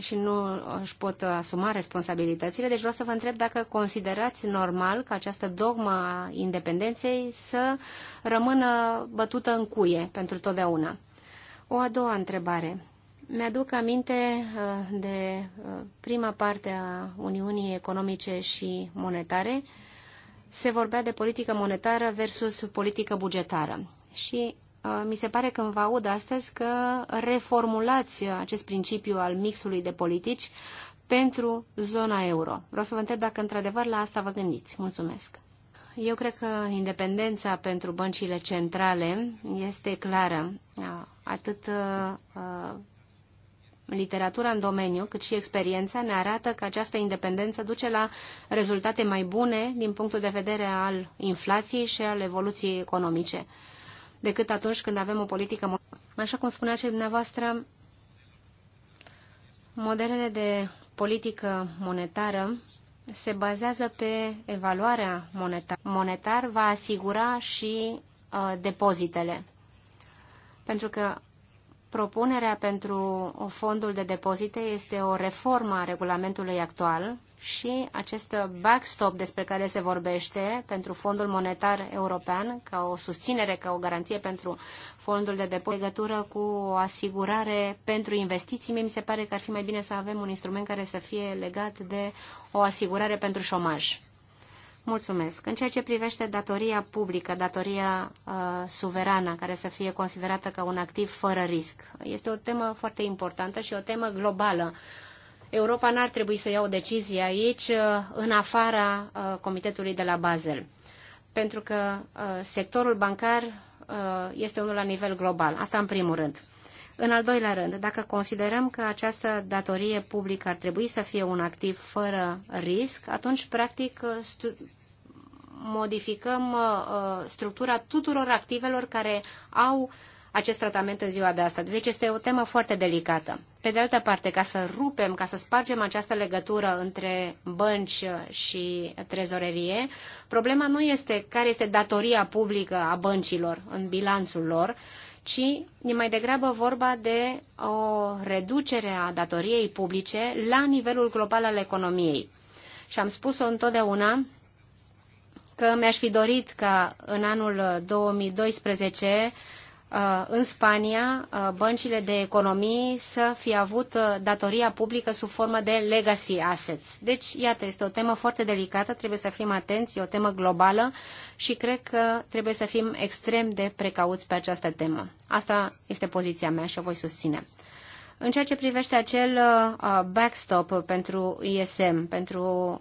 și nu își pot asuma responsabilitățile. Deci vreau să vă întreb dacă considerați normal că această dogmă a independenței să rămână bătută în cuie pentru totdeauna. O a doua întrebare. Mi-aduc aminte uh, de uh, prima parte a Uniunii Economice și Monetare. Se vorbea de politică monetară versus politică bugetară. Și Uh, mi se pare că vă aud astăzi că reformulați acest principiu al mixului de politici pentru zona euro. Vreau să vă întreb dacă într-adevăr la asta vă gândiți. Mulțumesc. Eu cred că independența pentru băncile centrale este clară. Uh, atât uh, literatura în domeniu, cât și experiența ne arată că această independență duce la rezultate mai bune din punctul de vedere al inflației și al evoluției economice decât atunci când avem o politică. Așa cum spunea și dumneavoastră, modelele de politică monetară se bazează pe evaluarea monetară. Monetar va asigura și uh, depozitele. Pentru că propunerea pentru fondul de depozite este o reformă a regulamentului actual și acest backstop despre care se vorbește pentru Fondul Monetar European, ca o susținere, ca o garanție pentru fondul de depozit, legătură cu o asigurare pentru investiții, mi se pare că ar fi mai bine să avem un instrument care să fie legat de o asigurare pentru șomaj. Mulțumesc. În ceea ce privește datoria publică, datoria uh, suverană, care să fie considerată ca un activ fără risc, este o temă foarte importantă și o temă globală. Uh, Europa n-ar trebui să ia o decizie aici uh, în afara uh, Comitetului de la Basel, pentru că uh, sectorul bancar este unul la nivel global. Asta în primul rând. În al doilea rând, dacă considerăm că această datorie publică ar trebui să fie un activ fără risc, atunci, practic, modificăm structura tuturor activelor care au uh, acest tratament în ziua de astăzi. Deci este o temă foarte delicată. Pe de altă parte, ca să rupem, ca să spargem această legătură între bănci și trezorerie, problema nu este care este datoria publică a băncilor în bilanțul lor, ci e mai degrabă vorba de o reducere a datoriei publice la nivelul global al economiei. Și am spus-o întotdeauna că mi-aș fi dorit ca în anul 2012 Uh, în Spania uh, băncile de economii să fi avut uh, datoria publică sub formă de legacy assets. Deci, iată, este o temă foarte delicată, trebuie să fim atenți, e o temă globală și cred că trebuie să fim extrem de precauți pe această temă. Asta este poziția mea și o voi susține. În ceea ce privește acel backstop pentru ISM, pentru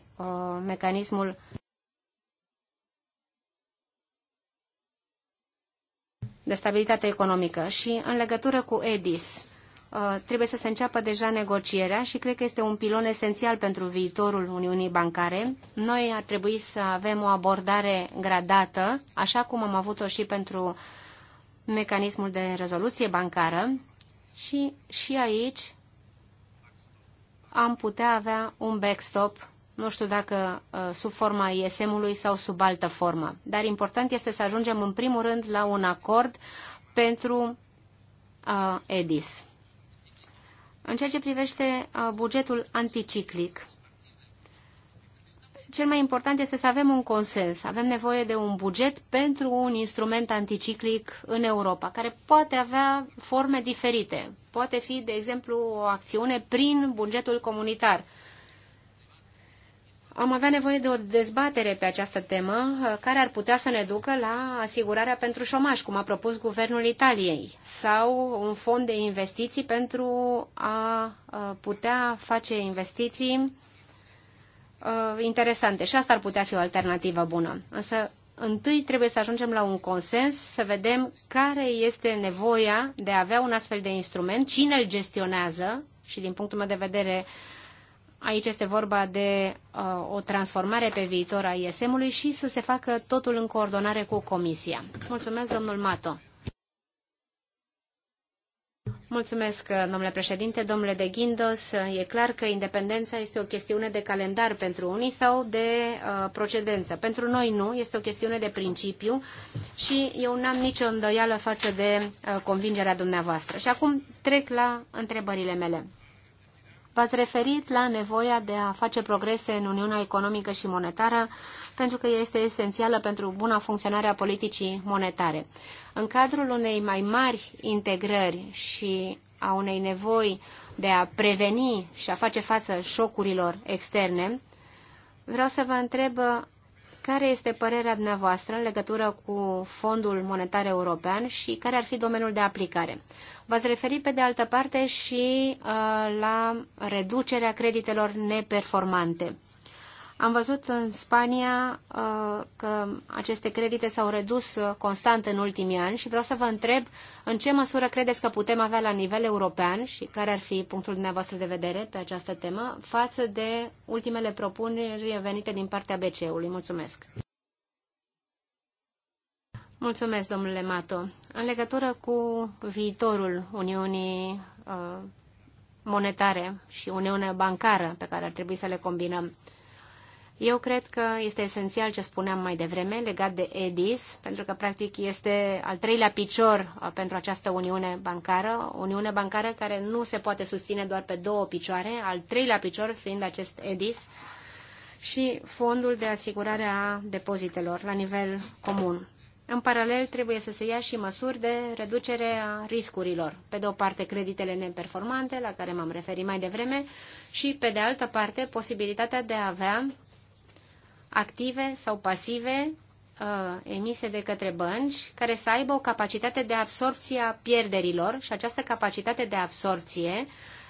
mecanismul de stabilitate economică și în legătură cu EDIS. Uh, trebuie să se înceapă deja negocierea și cred că este un pilon esențial pentru viitorul Uniunii Bancare. Noi ar trebui să avem o abordare gradată, așa cum am avut-o și pentru mecanismul de rezoluție bancară și, și aici am putea avea un backstop nu știu dacă ă, sub forma ISM-ului sau sub altă formă. Dar important este să ajungem în primul rând la un acord pentru ă, EDIS. În ceea ce privește ă, bugetul anticiclic, cel mai important este să avem un consens. Avem nevoie de un buget pentru un instrument anticiclic în Europa, care poate avea forme diferite. Poate fi, de exemplu, o acțiune prin bugetul comunitar am avea nevoie de o dezbatere pe această temă uh, care ar putea să ne ducă la asigurarea pentru șomaj, cum a propus guvernul Italiei, sau un fond de investiții pentru a uh, putea face investiții uh, interesante. Și asta ar putea fi o alternativă bună. Însă, întâi trebuie să ajungem la un consens, să vedem care este nevoia de a avea un astfel de instrument, cine îl gestionează și, din punctul meu de vedere, uh, Aici este vorba de uh, o transformare pe viitor a ISM-ului și să se facă totul în coordonare cu Comisia. Mulțumesc, domnul Mato. Mulțumesc, uh, domnule președinte, domnule de Ghindos. Uh, e clar că independența este o chestiune de calendar pentru unii sau de uh, procedență. Pentru noi nu, este o chestiune de principiu și eu n-am nicio îndoială față de uh, convingerea dumneavoastră. Și acum trec la întrebările mele. V-ați referit la nevoia de a face progrese în Uniunea Economică și Monetară, pentru că este esențială pentru buna funcționare a politicii monetare. În cadrul unei mai mari integrări și a unei nevoi de a preveni și a face față șocurilor externe, vreau să vă întreb care este părerea dumneavoastră în legătură cu Fondul Monetar European și care ar fi domeniul de aplicare? V-ați referit pe de altă parte și uh, la reducerea creditelor neperformante. Am văzut în Spania uh, că aceste credite s-au redus uh, constant în ultimii ani și vreau să vă întreb în ce măsură credeți că putem avea la nivel european și care ar fi punctul dumneavoastră de vedere pe această temă față de ultimele propuneri venite din partea BCE-ului. Mulțumesc! Mulțumesc, domnule Mato. În legătură cu viitorul Uniunii uh, monetare și Uniunea bancară pe care ar trebui să le combinăm, eu cred că este esențial ce spuneam mai devreme legat de EDIS, pentru că practic este al treilea picior uh, pentru această uniune bancară, uniune bancară care nu se poate susține doar pe două picioare, al treilea picior fiind acest EDIS și fondul de asigurare a depozitelor la nivel comun. În paralel, trebuie să se ia și măsuri de reducere a riscurilor. Pe de o parte, creditele neperformante, la care m-am referit mai devreme, și pe de altă parte, posibilitatea de a avea active sau pasive uh, emise de către bănci care să aibă o capacitate de absorpție a pierderilor și această capacitate de absorpție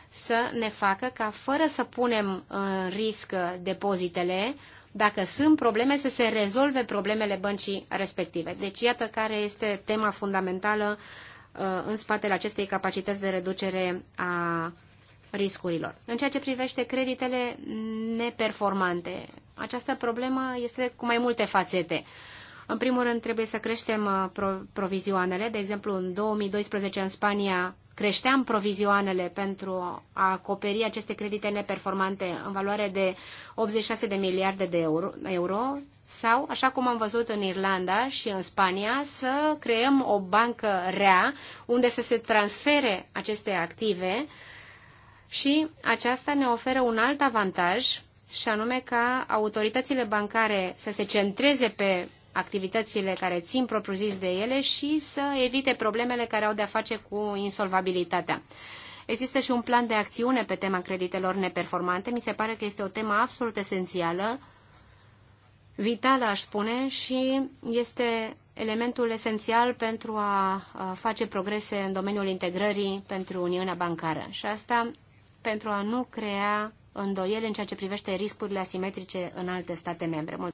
să ne facă ca fără să punem în risc depozitele, dacă sunt probleme, să se rezolve problemele băncii respective. Deci iată care este tema fundamentală uh, în spatele acestei capacități de reducere a riscurilor. În ceea ce privește creditele neperformante, această problemă este cu mai multe fațete. În primul rând, trebuie să creștem uh, provizioanele. De exemplu, în 2012 în Spania creșteam provizioanele pentru a acoperi aceste credite neperformante în valoare de 86 de miliarde de euro, sau, așa cum am văzut în Irlanda și în Spania, să creăm o bancă rea unde să se transfere aceste active și aceasta ne oferă un alt avantaj și anume ca autoritățile bancare să se centreze pe activitățile care țin propriu-zis de ele și să evite problemele care au de-a face cu insolvabilitatea. Există și un plan de acțiune pe tema creditelor neperformante. Mi se pare că este o temă absolut esențială, vitală, aș spune, și este elementul esențial pentru a face progrese în domeniul integrării pentru Uniunea Bancară. Și asta pentru a nu crea îndoieli în ceea ce privește riscurile asimetrice în alte state membre.